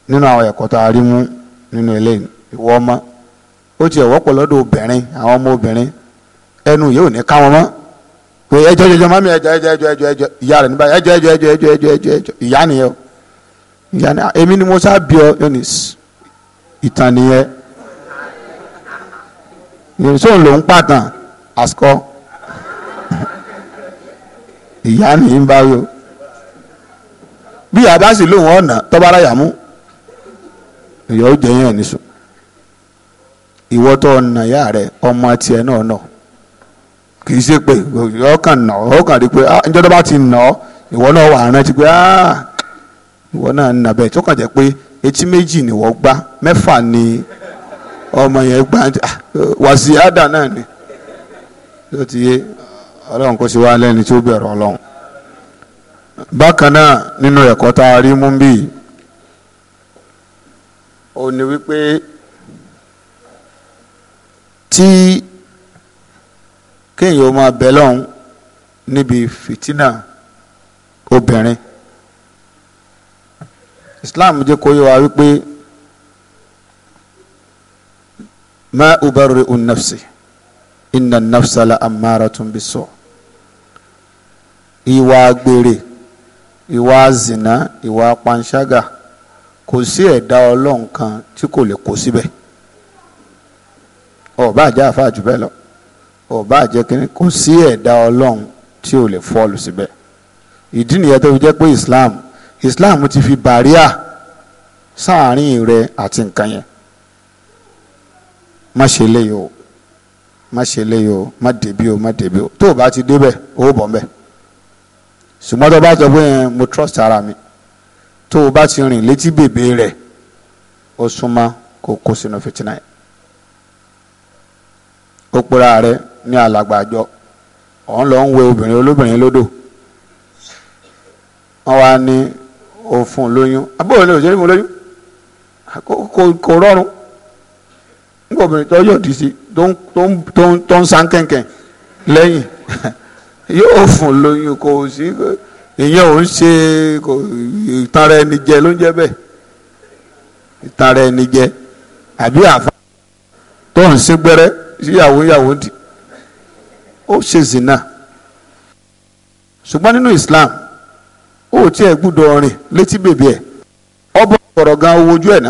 nínú àwọn ẹ̀kọ́ tá a rí mú nínú ilé ìwọ ọmọ ó tiẹ̀ wọ́pọ̀ lọ́dọ̀ obìnrin àwọn ọmọ obìnrin ẹnu yóò ní ká wọn mọ́ pé ẹjọ ẹjọ mami ẹjọ ẹjọ ẹjọ ẹjọ ẹjọ ìyá rẹ nígbà ẹjọ ẹjọ ẹjọ ẹjọ ẹjọ ẹjọ ẹjọ ìyá nìyẹn o ìyá nìyẹn èmi ni mo sá bí ọ yonis ìtàn nìyẹn yòòsó ló pàtàn àsìkò ìyá ni ń bá yọ bí ìyá bá sì lóun ọ̀nà tọ́ba ara yàmú ìyá ó jẹ yẹn níṣu ìwọ tó ọ̀nà ìyá rẹ ọmọ tiẹ̀ náà nà kì í ṣe pé ọkàn nà ọkàn rí pé ah, ǹjẹ́ tó bá ti nà ọ́ ìwọ náà wà rántí pé ah, ìwọ náà nà bẹ́ẹ̀ tó kàn jẹ́ pé etí méjì nìwọ gbá mẹ́fà ni ọmọ yẹn gbá ah, wàsíádà náà ni. tó ti yé ọlọ́run kó sì wá lẹ́ni tí ó bẹ̀rù ọlọ́run bákan náà nínú ẹ̀kọ́ tá a rí mú bí ó ní wípé tí kéèyàn ó máa bẹ lọ́hùn níbi fìtínà obìnrin Islam jẹ́ kó yé wa wípé ma ubarri'u nafsi inna nafsa la ammaratun bisu ìwà àgbèrè ìwà zina ìwà panṣágà kò sí ẹ̀dá ọlọ́run kan tí kò lè kó síbẹ̀ ọba àjẹ́ àfáà jù bẹ́ẹ̀ lọ ọba àjẹ́ kínní kò sí ẹ̀dá ọlọ́run tí ò lè fọ́ọ̀lù síbẹ̀ ìdí nìyẹn tó fi jẹ́ pé Islam Islam ti fi bàríà sáàárín rẹ àti nǹkan yẹn má ṣe léyìí o má ṣe léyìí o má débi o má débi o tó o bá ti débẹ̀ o bọ̀ nbẹ̀ ṣùgbọ́n tó o bá sọ pé mo trust ara mi tó o bá ti rìn létí bèbè rẹ̀ o súnmọ́ kó o kó sínú fìtínà yẹn o pera rẹ ní alàgbàjọ ọ̀ ń lọ ń wẹ obìnrin olóbìnrin lódò wọ́n wá ní o lóyún abóyè ni òṣèré fún un lóyún kò rọrùn nígbà obìnrin tó yọ̀ dì sí i. tó ń san kẹ̀kẹ́ lẹ́yìn yóò fún lóyún kò sí ìyẹn ò ń ṣe ìtara ẹni jẹ ló ń jẹ bẹ́ẹ̀ ìtara ẹni jẹ àbí àfa tó ń ṣe gbẹrẹ síyàwó yàwó dì ó ṣe zina ṣùgbọ́n nínú Islam ó tiẹ̀ gbúdọ̀ rìn létí bèbè ẹ̀ ọ̀rọ̀ gan owó ojú ẹ̀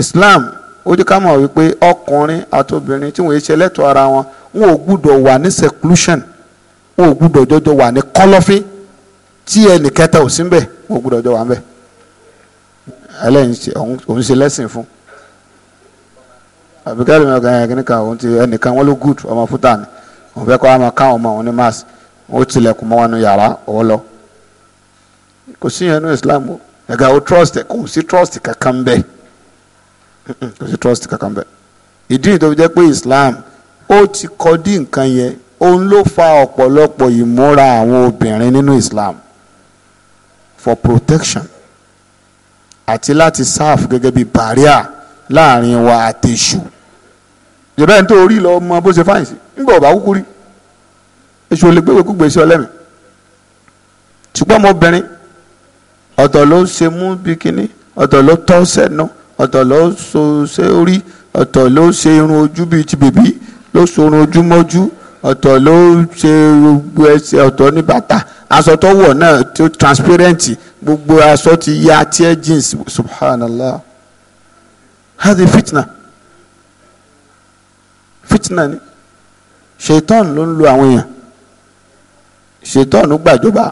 Islam ó jẹ́ ká mọ̀ wípé ọkùnrin àti obìnrin tí wọ́n ṣe lẹ́tọ̀ọ́ ara wọn wọn ò gbúdọ̀ wà ní seclusion wọn ò gbúdọ̀ jọjọ wà ní kọ́lọ́fín tí ẹnì kẹta ò sí ń bẹ̀ wọn ò gbúdọ̀ jọ wà ń bẹ̀ ẹlẹ́yìn òun ṣe lẹ́sìn fún àbíkẹ́rì mi ọ̀gá ẹ̀gẹ́ nìkan òun ti ẹnìkan wọn ló good ọmọ fúta ni òun fẹ́ kọ́ àmọ́ káwọn ọmọ òun ní mass ó tilẹ̀kùn mọ́ wọn nu yàrá òun lọ kò sí yẹn ní Islam ẹ̀gá ó trust kò sí trust kankan bẹ́ẹ̀ kò sí trust kankan bẹ́ẹ̀ ìdí nìyí tó fi jẹ́ pé Islam ó ti kọdí nǹkan yẹn òun ló fa ọ̀pọ̀lọpọ̀ ìmúra àwọn obìnrin nínú Islam for protection àti láti serve gẹ́gẹ́ bí barrier láàrin wa àtẹ̀sù ìjọba ẹni tó rí lọ mọ bó ṣe fáyìn sí nígbà ọba kúkú rí èṣù ò lè gbé gbogbo gbèsè ọlẹ́mì ṣùgbọ́n ọmọbìnrin ọ̀tọ̀ ló ṣe mú bí kínní ọ̀tọ̀ ló tọ́ sẹ́nu. No ọ̀tọ̀ ló so ṣe orí ọ̀tọ̀ ló ṣe irun ojú bíi ti bèbí ló so irun ojú mọ́jú ọ̀tọ̀ ló ṣe gbogbo ẹsẹ̀ ọ̀tọ̀ ní bàtà aṣọ tó wọ̀ náà tó transparent gbogbo aṣọ ti ya tear jeans subhanallah hadi fitna fitna ni ṣètọ́n ló ń lo àwọn èèyàn ṣètọ́n gbàjọba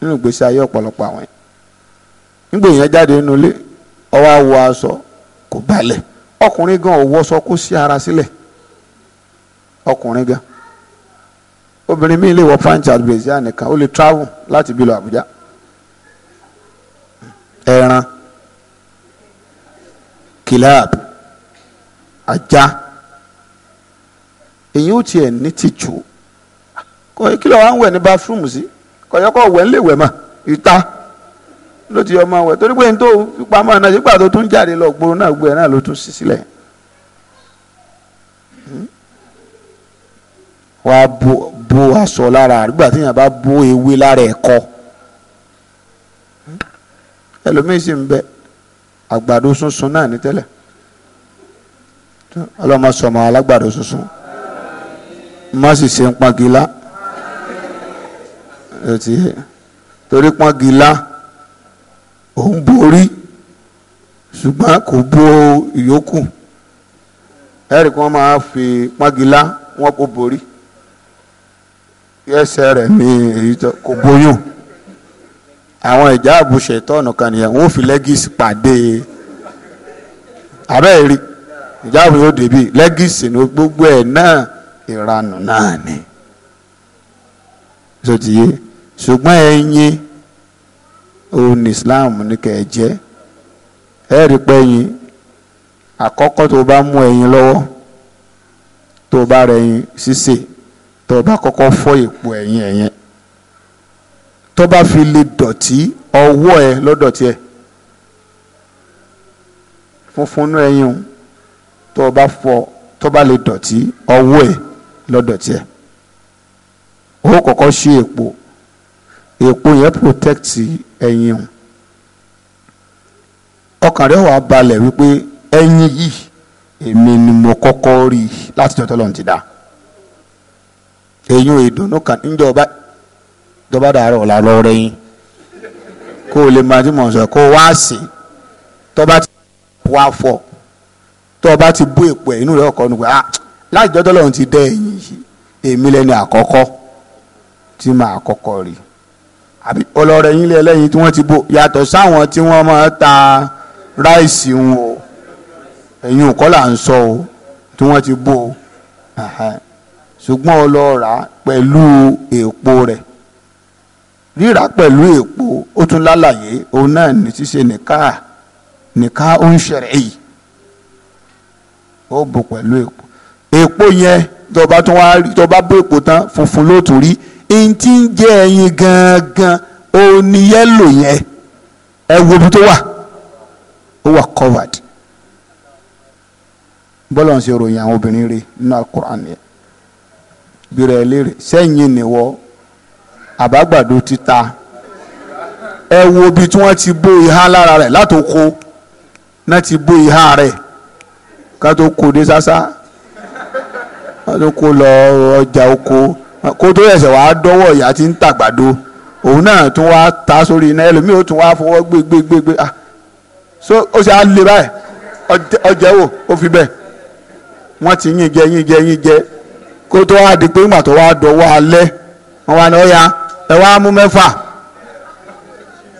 nínú ìgbésí ayé ọ̀pọ̀lọpọ̀ àwọn èèyàn nígbà èèyàn jáde nínú ilé ọwọ́ awọ aṣọ kò balẹ̀ ọkùnrin gan ọwọ́sọ kó sí ara sílẹ̀ ọkùnrin gan obìnrin lè wọ franchise brazil nìkan ó lè travel láti bí lọ Àbújá ẹran kìláàb ajá èyí ó tiẹ̀ ní tìjú kí ló wá ń wẹ̀ ní bathroom sí kọ̀yọ́kọ̀ wẹ̀ ló ti ọmọ wẹ̀ torí pé n tó pamọ́ náà sígbà tó tún jáde lọ gbòòrò náà gbòòrò náà ló tún sí sílẹ̀. wàá bo bo aṣọ lára nígbà tí yàn bá bo ewé lára ẹ̀kọ́ ẹlòmíín sì ń bẹ àgbàdo sunsun náà ní tẹ́lẹ̀ ọlọ́mọ sọmọ alágbàdo sunsun má sì ṣe ń pọ́n gila torí pọ́n gila òun bo orí ṣùgbọ́n kò bo ìyókù ẹ̀rì kan máa fi pọ́ngilá wọn kò borí ẹsẹ̀ rẹ̀ ní èyí tó kò boyún àwọn ìjà àbùṣe tọ́ọ̀nù kan nìyẹn wọ́n fi lẹ́gìsì pàdé abẹ́ẹ̀rí ìjà àbùṣe ó débì lẹ́gìsì ní gbogbo ẹ̀ náà ìranù náà ni ṣòtìyé ṣùgbọ́n ẹyin òun ní islam ní kẹ̀ẹ́jẹ́ ẹ rí pé ẹyin àkọ́kọ́ tó bá mú ẹyin lọ́wọ́ tó bá rẹ ẹyin sísè tó bá kọ́kọ́ fọ́ èpo ẹyin ẹ̀yẹn tó bá fi lè dọ̀tí ọwọ́ ẹ lọ́dọ̀tí ẹ funfunnu ẹyin o tó bá fọ tó bá lè dọ̀tí ọwọ́ ẹ lọ́dọ̀tí ẹ ó kọ́kọ́ ṣí èpo èpo yẹn protect ẹyin o ọkàn rẹ̀ wà balẹ̀ wípé ẹyin yìí èmi ni mo kọ́kọ́ rí láti jọ́ tọ́lọ́run ti dá ẹ̀yin ò ìdùnnú kan níjọba ìjọba dàárọ̀ ọ̀la lọ rẹ yín kó o lè máa tí mò ń sọ kó o wá sí tọ́ba ti wá fọ̀ tọ́ba ti bú èpò ẹ̀ inú rẹ̀ ọkọ̀ nígbà ah, láti jọ́ tọ́lọ́run ti dá ẹ̀yin yìí èmi lẹ́ni àkọ́kọ́ tí màá kọ́kọ́ rí i àbí ọlọ́rẹ̀ yín lé ẹlẹ́yin tí wọ́n ti bò yàtọ̀ sáwọn tí wọ́n máa ta ráìsì wọn o ẹ̀yin ò kọ́ là ń sọ o tí wọ́n ti bò o ṣùgbọ́n ọlọ́ra pẹ̀lú èèpo rẹ̀ rírà pẹ̀lú èèpo ó tún lálàyé òun náà ní ṣíṣe nìka nìka ó ń ṣẹ̀rẹ̀ yìí ó bò pẹ̀lú èèpo èèpo yẹn tó bá tún wá tó bá bó èèpo tán funfun ló tún rí n ti ń jẹ́ ẹyin gangan o ni yẹ́lò yẹn ẹ wo ibi tó wà ó wà covered bọ́lá ń ṣe ròyìn àwọn obìnrin rẹ̀ nínú alukur'an yẹn bírò ẹ léèrè sẹ́yìn nìwọ àbágbàdo títa ẹ wo ibi tí wọ́n ti bó ihá lára rẹ̀ látòkó náà ti bó ihá rẹ̀ ka kó dé sásá kó lọ ọjà oko. kó tó ẹsẹ̀ wàá dọ́wọ́ ìyá tí ń tàgbàdo òun náà tún wá ta sórí iná ẹlòmíì ó tún wá fọwọ́ gbé gbé gbé gbé ah so ó ṣe á le báyìí ọjẹ́ wò ó fi bẹ́ẹ̀ wọ́n ti yín jẹ yín jẹ yín jẹ kó tó wá di pé ńgbà tó wá dọ́wọ́ alẹ́ wọ́n wá ní ọ̀ya ẹ wá mú mẹ́fà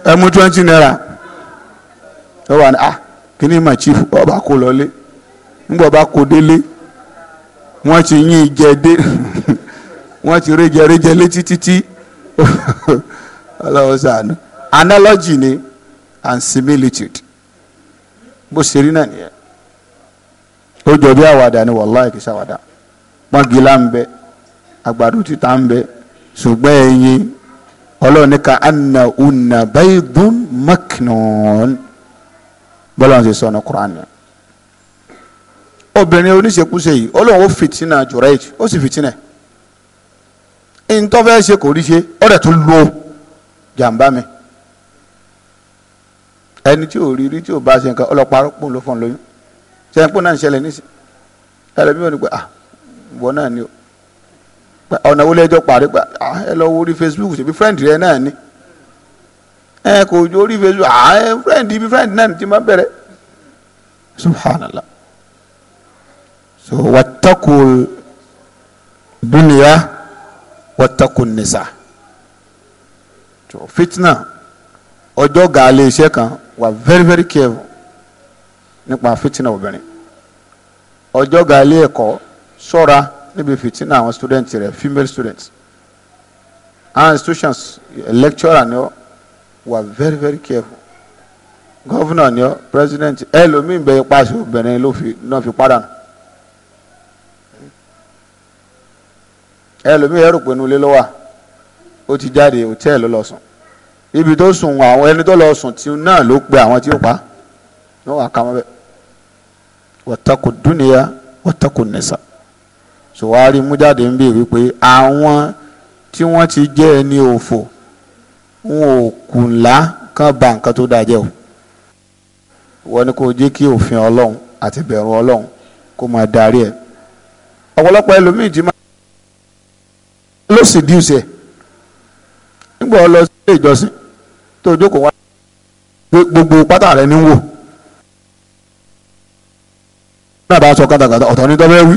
ẹ mú twenty naira ẹ wà ní ah kíní ni mà chief ọba kò lọlé ńgbà ọba kò délé wọ́n ti yín jẹ dé wọ́n ti réjẹ réjẹ létí títí ọlọ́run sànù analogy ni and similitude bó ṣe rí náà nìyẹn ó jọ bí àwàdà ni wàláì kì í ṣàwàdà pọ́ngilá ń bẹ àgbàdo títa ń bẹ ṣùgbọ́n ẹ̀yin ọlọ́run ní ka anna una baydun maknun bọ́lá ń ṣe sọ ní Qur'an ni obìnrin oníṣekúṣe yìí ọlọ́run ó fìtínà jùrẹ́ẹ̀jì ó sì fìtínà ẹ̀ ntọ́ fẹ́ ṣe kò rí ṣe ọ̀rẹ́ tún lo jàǹbá mi ẹni tí ò rí rí tí ò bá ṣe nǹkan ọlọ́pàá pò ló fọ́n lóyún sẹ́yìn pò náà ń ṣẹlẹ̀ ní sí ẹlẹ́bí wọn ni pé ah wọ́n náà ni ọ̀nà wo lẹ́jọ́ parí pé ah ẹ lọ wo orí Facebook ṣèbí friend rẹ náà ni ẹ kò ju orí Facebook ah ẹ friend ibi friend náà ti máa bẹ̀rẹ̀ subhanallah so wàtakùl dúnìyà wọ́tẹ́kù So, fitna ọjọ́ gaale iṣẹ́ kan wà very very careful nípa fitna obìnrin ọjọ́ gaale ẹ̀kọ́ ṣọ́ra níbi fitna àwọn students rẹ̀ female students our institutions lecturer ni ọ wà very very careful governor ni ọ president ẹlòmíì bẹ ipa ṣe obìnrin ló fi náà fi pàdánù ẹlòmíì ẹrù pé nulẹ̀ lọ́wọ́ ó ti jáde hòtẹ́ẹ̀lì lọ sùn ibi tó sùn àwọn ẹni tó lọ sùn tí náà ló pe àwọn tí ó pa ní wọn kà wọn bẹ wọ́tàkùn dúnìyà wọ́tàkùn nẹ̀sà sùwárí mújáde ń bè wípé àwọn tí wọ́n ti jẹ́ ẹni òfò wọn ò kùnlá kán ba nǹkan tó dáa o wọ́n ní kó jẹ́ kí òfin ọlọ́run àti ìbẹ̀rù ọlọ́run kó máa darí ẹ̀ ọ̀pọ̀lọpọ̀ ẹlòmíì ti máa ló sì di ìṣe nígbà ọ lọ sí ilé ìjọsìn tó jókòó wá gbogbo pátá rẹ ní wò náà bá sọ kátàkátà ọ̀tọ̀ ní tọ́bẹ̀ wí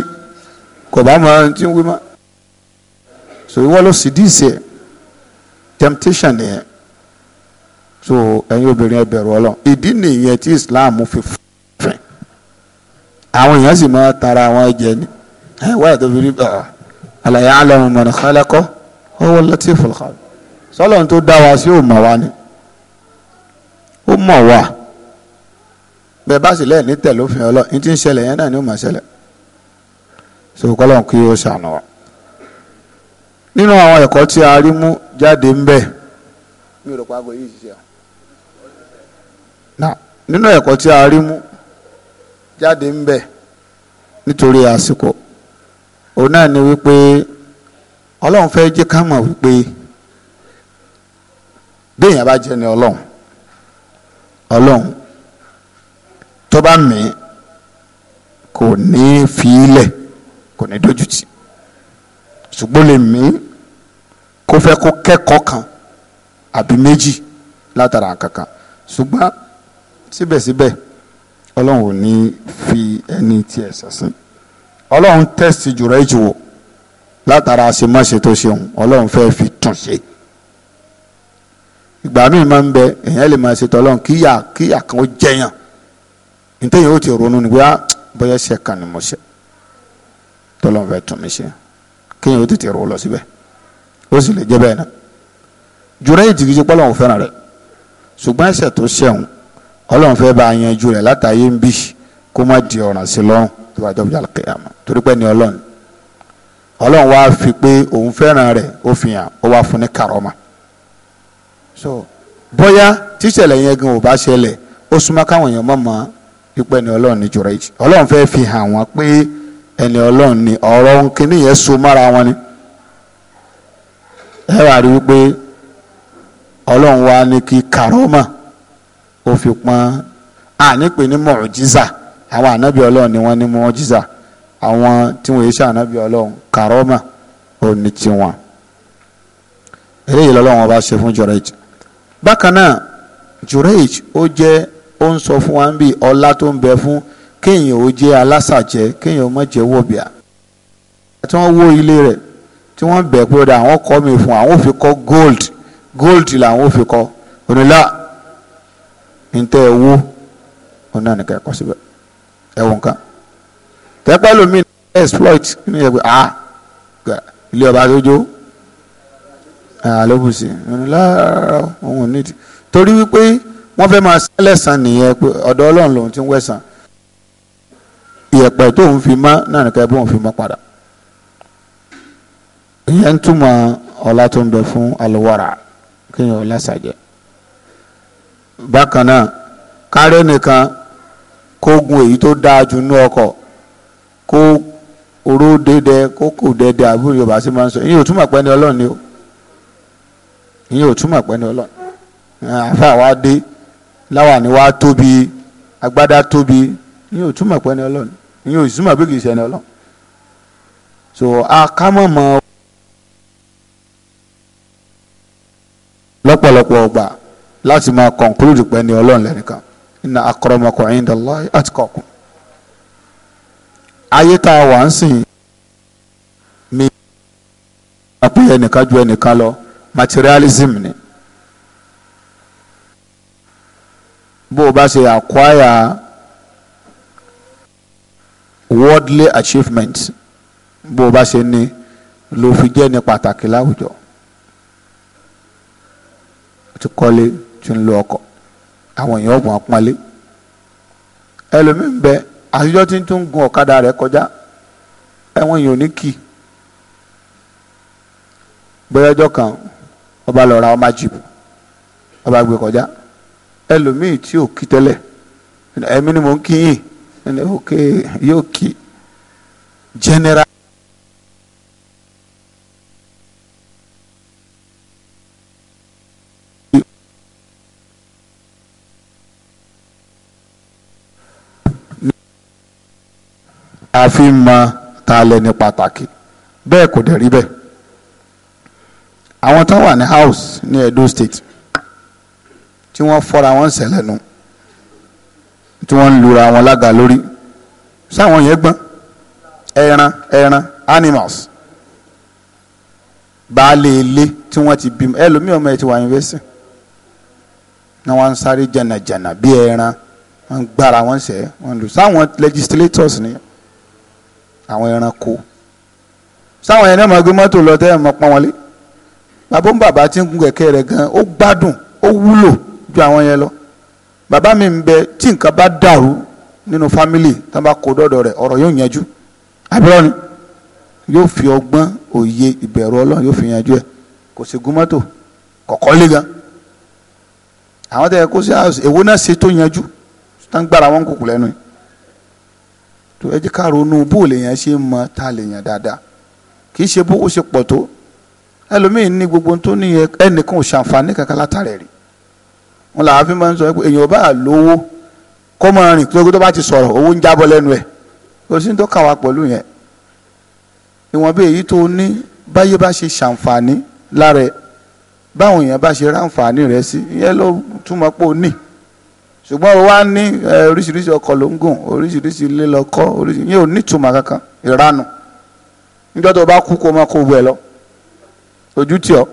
kò bá máa ti ń wí mọ́ so ìwọ ló sì di ìṣe temptation nìyẹn so ẹ̀yin obìnrin ẹ bẹ̀rù Ọlọ́run ìdí nìyẹn tí Islam fi fẹ́ àwọn èèyàn sì máa tara àwọn ẹ̀jẹ̀ ni ẹ̀ wáyà tó fi rí bẹ́ẹ̀ ala ya'lamu man khalaqa huwa al-latiful khabir sọ́lọ́n tó dá wa sí ò mọ̀ wá ni ó mọ̀ wá bẹ́ẹ̀ bá sì lẹ́ẹ̀ ní tẹ̀lé òfin ọlọ́ ní tí ń ṣẹlẹ̀ yẹn náà ni ó so kọ́lọ́n kí ó ṣàánú wa nínú àwọn ẹ̀kọ́ tí a rí mú jáde ń bẹ̀ mi ò rò pàgọ́ yìí ṣiṣẹ́ náà nínú ẹ̀kọ́ tí a rí mú jáde ń bẹ̀ nítorí àsìkò òun náà ni wípé ọlọ́run fẹ́ jẹ́ ká mọ̀ wípé béèyàn bá jẹ́ ni ọlọ́run ọlọ́run tó bá mí kò ní fiílẹ̀ kò ní dójútì kan àbí méjì látara kankan ṣùgbọ́n síbẹ̀síbẹ̀ ọlọ́run ò ní fi ẹni tí ẹ̀ ọlọ́run tẹ́sì jùlọ ìjù wò látara àṣemáṣe tó ṣeun ọlọ́run fẹ́ fi tún ṣe ìgbà míì máa ń bẹ èèyàn lè máa ṣe tọ́lọ́run kíyà kíyà kan ó jẹyàn nítorí ó ti ronú ni bóyá ah, bóyá ṣe kan ni mo ṣe tọ́lọ́run fẹ́ tún mi ṣe kéèyàn ó tètè rò lọ síbẹ̀ ó sì lè jẹ́ bẹ́ẹ̀ náà jùlọ ìjìgì ṣe pọ́lọ́run fẹ́ràn rẹ̀ ṣùgbọ́n ẹ̀ṣẹ̀ tó ṣẹ̀hún ọlọ́run fẹ́ bá yanjú rẹ̀ látàyé ń bì kó má di ọ̀ràn sí lọ́rùn tó bá dọ̀bí torí pé ní ọlọ́run ọlọ́run fi pé òun fẹ́ràn rẹ̀ ó fi hàn ó wá fún ní so bóyá tíṣẹ̀lẹ̀ yẹn gan ò bá ṣẹlẹ̀ ó súnmọ́ káwọn èèyàn mọ̀ mọ́ pípẹ́ ní ọlọ́run ní fi hàn wọ́n pé ẹni ọlọ́run ọ̀rọ̀ nkíní yẹn so wọn ni ẹ rí wípé ọlọ́run wá ní kí ó fi pọ́n ní mọ̀ọ́jísà àwọn ànábì ọlọ́run ni wọ́n ní mọ́jísà àwọn tí wọ́n yé sá ànábì ọlọ́run kàrọ́mà ò ní tiwọn eléyìí lọ́lọ́run ọba ṣe fún Jurayj bákan náà Jurayj ó jẹ́ ó ń sọ fún wa ń bí ọlá tó ń bẹ fún kéèyàn ó jẹ́ alásàjẹ́ kéèyàn ó má jẹ́ wọ̀bìà tí wọ́n wó ilé rẹ̀ tí wọ́n bẹ̀ pé ọ̀dà àwọn kọ́ mi fún àwọn ò fi gold gold làwọn ò fi kọ́ onílà ń tẹ́ ẹ wó ọ̀nà nìkan ẹ̀kọ́ ẹ̀wọ̀n kan tẹ́pẹ́ lómi exploit ní ẹgbẹ́ a ilé ọba àjọjọ àlọ́bùsì láàárọ̀ òun nídìí torí wípé wọ́n fẹ́ máa sẹ́lẹ̀sán nìyẹn pé ọ̀dọ̀ ọlọ́run lòun ti ń wẹ̀sán ìyẹ̀pẹ̀ tóun fi mọ́ náà nìkan ẹbí òun fi mọ́ padà ìyẹn ń túmọ̀ ọlá tó ń bẹ fún alùwárà kéèyàn ọlá ṣàjẹ́ bákan náà kárẹ́ nìkan kó gun èyí tó dáa jù nú ọkọ̀ kó oró dédé kó kù dédé àbúrò yorùbá sí máa ń sọ ìyẹn ò túmọ̀ pé ní ọlọ́run ni o ìyẹn ò túmọ̀ pé ní ọlọ́run àfa wa dé láwa ni wa tóbi agbádá tóbi ìyẹn ò túmọ̀ pé ní ọlọ́run ìyẹn ò túmọ̀ pé kì í ṣe ní ọlọ́run so akámọ̀mọ́ lọ́pọ̀lọpọ̀ ọgbà láti máa conclude pé ní ọlọ́run lẹ́nìkan inna akramakum indallahi atqakum ayé tá a wà ń sìn mi àpè ẹnìkan ju ẹnìkan lọ materialism ni bó o bá ṣe acquire worldly achievements bó o bá ṣe ní ló fi jẹ́ ní pàtàkì láwùjọ o ti kọ́lé o ti ń lo ọkọ̀ àwọn èèyàn ọ̀gbọ̀n apọ́nlé ẹlòmíín bẹ àtijọ́ tí ń tún gun ọ̀kadà rẹ̀ kọjá ẹ̀wọ̀n èèyàn ò ní kì í gbẹ́rẹ́jọ́ kan ọba lọ ọmọ jìbù ọba gbé kọjá ẹlòmíín tí ò kí tẹ́lẹ̀ ẹ̀mí ni mò ń kí yìn ok yóò kí general. a fi ń mọ ta lẹni pàtàkì bẹ́ẹ̀ kò dẹ̀ rí bẹ́ẹ̀ àwọn tó wà ní house ní Edo State tí wọ́n fọ́ra wọn ṣẹlẹ̀ nu tí wọ́n ń lura wọn lága lórí sáwọn yẹn gbọ́n ẹran ẹran animals baálé ilé tí wọ́n ti bímọ ẹlòmíì ọmọ ẹ ti wà yunifásitì náà wọ́n ń sáré jànàjànà bí ẹran wọ́n gbára wọn ṣe wọ́n lù sáwọn legislators nìyẹn àwọn ẹranko sáwọn yẹn náà máa gbé mọ́tò lọ tẹ́lẹ̀ mọ́ pọ́n wọlé bàbá ń bàbá tí ń gun kẹ̀kẹ́ rẹ̀ gan ó gbádùn ó wúlò ju àwọn yẹn lọ bàbá mi ń bẹ tí nǹkan bá dàrú nínú fámìlì tó bá kó dọ́dọ̀ rẹ̀ ọ̀rọ̀ yóò yanjú àbúrò ni yóò fi ọgbọ́n òye ìbẹ̀rù ọlọ́run yóò fi yanjú ẹ̀ kò sí gun mọ́tò kọ̀kọ́ lé gan àwọn tẹ̀ kó sí èwo náà ṣe tó yanjú tó ń gbára wọn kúkú lẹ́nu yìí tó ẹ jẹ́ ká ronú bó lèèyàn ṣe mọ ta lèèyàn dáadáa kì í ṣe bó ó ṣe pọ̀ tó ẹlòmíín ní gbogbo tó ní ẹnìkan ò ṣàǹfààní kankan látàrẹ̀ rí wọn làwọn fi máa ń sọ pé èèyàn bá lówó kó máa rìn pé tó bá ti sọ̀rọ̀ owó ń jábọ́ lẹ́nu ẹ̀ kò sí ní tó kà wá pẹ̀lú yẹn ìwọ̀nba èyí tó ní báyé bá ṣe ṣàǹfààní lára ẹ̀ báwọn èèyàn bá ṣe ráǹfààní rẹ̀ sí ìyẹn ló túmọ̀ pé ó ní ṣùgbọ́n o wá ní oríṣiríṣi ọkọ̀ ló ń gùn oríṣiríṣi ilé lọ kọ́ oríṣiríṣi yóò nítumọ̀ kankan ìranù níjọ́ tó bá kú kó máa kó gbẹ lọ ojú tì ọ́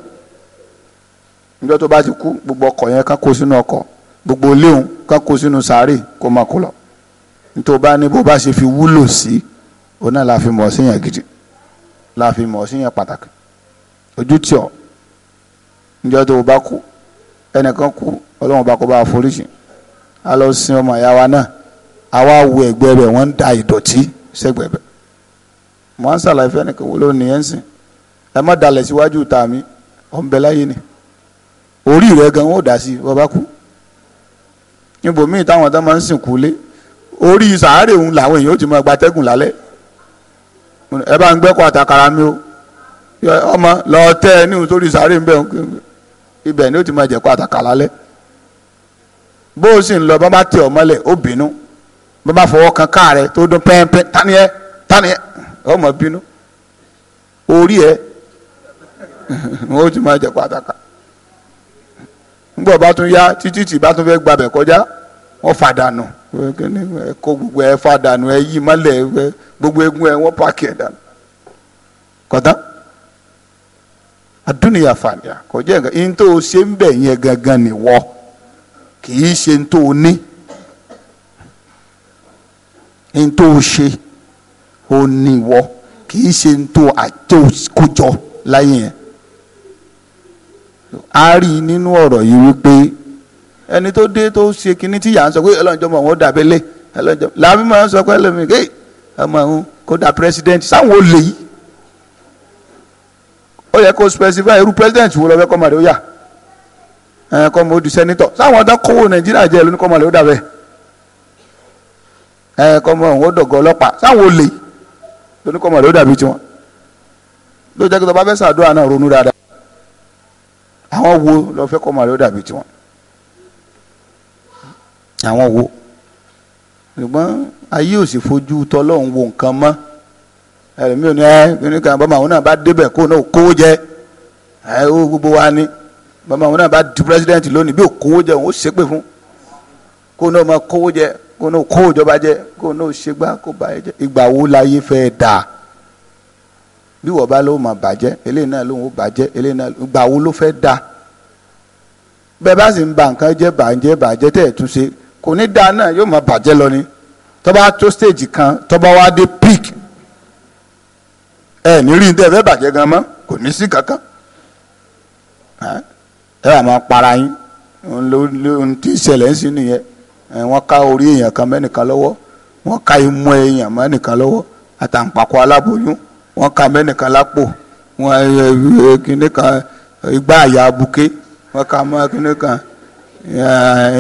níjọ́ tó bá ti kú gbogbo ọkọ̀ yẹn ká kó sínú ọkọ̀ gbogbo léhùn ká kó sínú sàárè kó máa kó lọ nítorí ní bó bá ṣe fi wúlò sí òun náà la fi mọ̀ síyàn gidi la fi mọ̀ síyàn pàtàkì ojú tì ọ́ níjọ́ tó bá kú ẹnìkan kú ọlọ́run bá kó bá foríṣìí a lọ sin ọmọ ìyá wa náà àwa wo ẹ̀gbẹ́ rẹ̀ wọn ń da ìdọ̀tí sẹ́gbẹ̀ẹ́ bẹ̀ mo nìkan sìn ẹ má dalẹ̀ síwájú ta mi ọ̀ ń bẹ láyé ni orí rẹ gan wọ́n dà sí bàbá kú níbo míì táwọn mi o ọmọ lọ tẹ́ ẹ sórí sàárè ń bẹ̀ ibẹ̀ ni ó bó o sì ń lọ bá bá tẹ ọ mọ́lẹ̀ ó bínú bá bá fọwọ́ kan ká tó dún pẹ́ẹ́pẹ́ tánìyẹ tánìyẹ ọmọ bínú orí ẹ ó ti máa jẹ pàtàkà ńgbọ́ bá tún yá títí tí bá tún fẹ́ gbabẹ̀ kọjá wọ́n fàdánù gbogbo fàdánù yí gbogbo egun wọ́n pààkì kì í ṣe ní tó o ní ní tó o ṣe o ní ìwọ kì í ṣe ní tó o kójọ láyé yẹn a rí i nínú ọ̀rọ̀ yìí wípé ẹni tó dé tó ṣe kinní tí yà ń sọ pé ẹlọ́njọ́ mọ̀ wọ́n dàbí lé ẹlọ́njọ́ làbí máa ń sọ pé ẹlọ́mi ké ọmọ òun kó da president sáwọn olè yìí ó yẹ kó specify irú president wo lọ fẹ́ kọ́ mọ̀ ó yà kọ́ mọ́ di sẹ́nitọ̀ sáwọn ọ̀dọ́ kówó nàìjíríà jẹ́ lónìí kọ́ mọ́ lè ó dàbẹ́ kọ́ mọ́ òun ó dọ̀gọ́ ọlọ́pàá sáwọn olè lónìí kọ́ mọ́ lè ó dàbí tiwọn ló jẹ́ kí tó bá fẹ́ sàdúrà náà ronú dáadáa àwọn wo lọ fẹ́ kọ́ ó dàbí tiwọn àwọn wo ṣùgbọ́n ayé ò sì fojú tọ́lọ́hún wo nǹkan mọ́ ẹ̀rọ mi ò ní ẹ́ kí ni kàn bọ́ màá náà bá débẹ̀ kó náà kó jẹ́ ẹ̀ ó gbogbo wa ni bàmà wọn náà bá di president lónìí bí òkòwò jẹ òun ó ṣépè fún kó náà máa kówó jẹ kó náà kó ìjọba jẹ kó náà ṣègbà kó bà ẹ jẹ ìgbà wo láyé fẹ́ dà bí wọ́n bá lóun máa bàjẹ́ eléyìí náà lóun ó bàjẹ́ eléyìí náà ìgbà wo ló fẹ́ dà bẹ́ẹ̀ bá sì ń ba nǹkan jẹ́ bàjẹ́ bàjẹ́ tẹ̀ tún ṣe kò ní dáa náà yóò máa bàjẹ́ lọ ni tọ́ba tó stage kan tọ́ba wá dé peak ẹ̀ ní rí ní tẹ́ fẹ́ bàjẹ́ gan mọ́ kò ní sí kankan ẹ wà máa para yín ohun tí ìṣẹ̀lẹ̀ ń sí nìyẹn wọ́n ká orí èèyàn kan mẹ́nìkan lọ́wọ́ wọ́n ká imú èèyàn mẹ́nìkan lọ́wọ́ àtàǹpàkò aláboyún wọ́n ká mẹ́nìkan lápò wọ́n kíní kan igbá àyà abuké wọ́n ká mọ́ kíní kan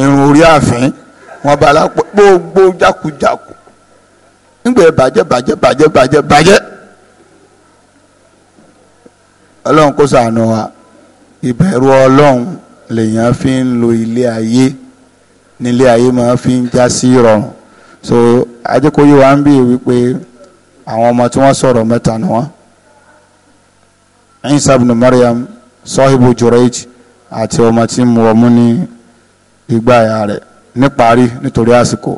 irun orí ààfin wọ́n bá lápò gbogbo jákujàku nígbà bàjẹ́ bàjẹ́ bàjẹ́ bàjẹ́ bàjẹ́ ọlọ́run kó ṣàánú wa ìbẹ̀rù ọlọ́run lèèyàn fi ń lo ilé ayé nílé ayé máa fi ń já sí ìrọ̀rùn so adékòye wa ń bèè wípé àwọn ọmọ tí wọ́n sọ̀rọ̀ mẹ́ta ni wọ́n Isa ibn Maryam sọ́hìbù Jurayj àti ọmọ tí mo wọ́n mú ní ìgbà ìyá rẹ̀ níparí nítorí àsìkò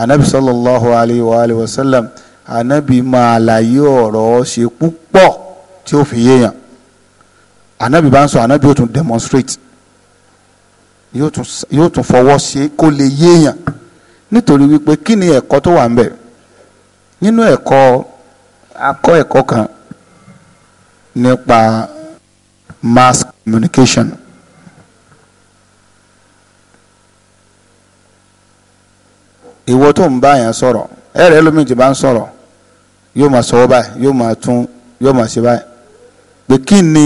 anabi sallallahu alayhi wa alayhi wa sallam anabi máa láyé ọ̀rọ̀ ṣe púpọ̀ tí ó fi yéèyàn anabi bá ń sọ anabi yóò tún demonstrate yóò tún yóò tún fọwọ́ ṣe kó lè yéèyàn nítorí wípé kí ni ẹ̀kọ́ tó wà ń bẹ̀ nínú ẹ̀kọ́ akọ́ ẹ̀kọ́ kan nípa mass communication. ìwọ tó ń bá yẹn sọ̀rọ̀ ẹ̀rẹ̀ lómi ti bá ń sọ̀rọ̀ yóò máa sọ̀rọ̀ báyìí yóò máa tún yóò máa ṣe báyìí pé kí ni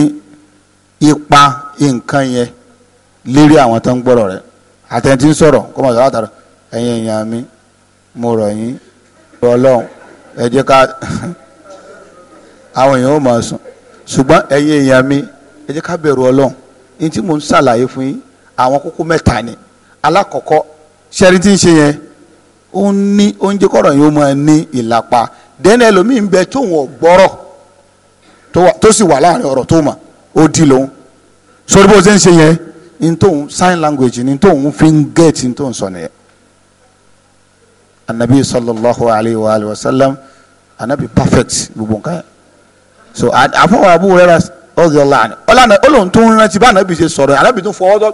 ipa nkan yẹn lérí àwọn tó ń gbọ́rọ̀ rẹ̀ àtẹ̀ntì ń sọ̀rọ̀ kó mọ̀ sọ́wọ́ àtàrà ẹ̀yin èèyàn mi mo rọ̀ yín ọlọ́run ẹ jẹ́ ká àwọn èèyàn ò máa sùn ṣùgbọ́n ẹ̀yin èèyàn mi ẹ jẹ́ ká bẹ̀rù ọlọ́run ní tí mò ń ṣàlàyé fún yín àwọn kókó mẹ́ta ni alákọ̀ọ́kọ́ ṣẹ́rí tí ń odi lòun sori bó ṣe ń ṣe yẹn ní tóun sign language ní tóun fi ń get ní tóun sọ nìyẹn anabi sallallahu alayhi wa alayhi wa sallam anabi perfect gbogbo nǹkan yẹn so àfọwọ́ abu rẹ́ra ọ̀gẹ̀ ọ̀làní ọ̀làní olóhùn tó ń rántí bá anabi ṣe sọ̀rọ̀ anabi tó fọwọ́ dọ́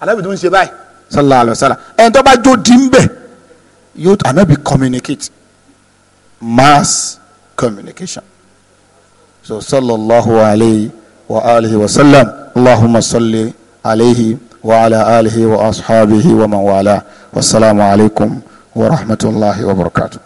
anabi tó ń ṣe báyìí sallallahu alayhi wa sallam ẹni tó bá jó di ń bẹ̀ yóò anabi communicate mass communication so sallallahu alayhi wa sallam. وآله وسلم اللهم صل عليه وعلى آله وأصحابه ومن والاه والسلام عليكم ورحمة الله وبركاته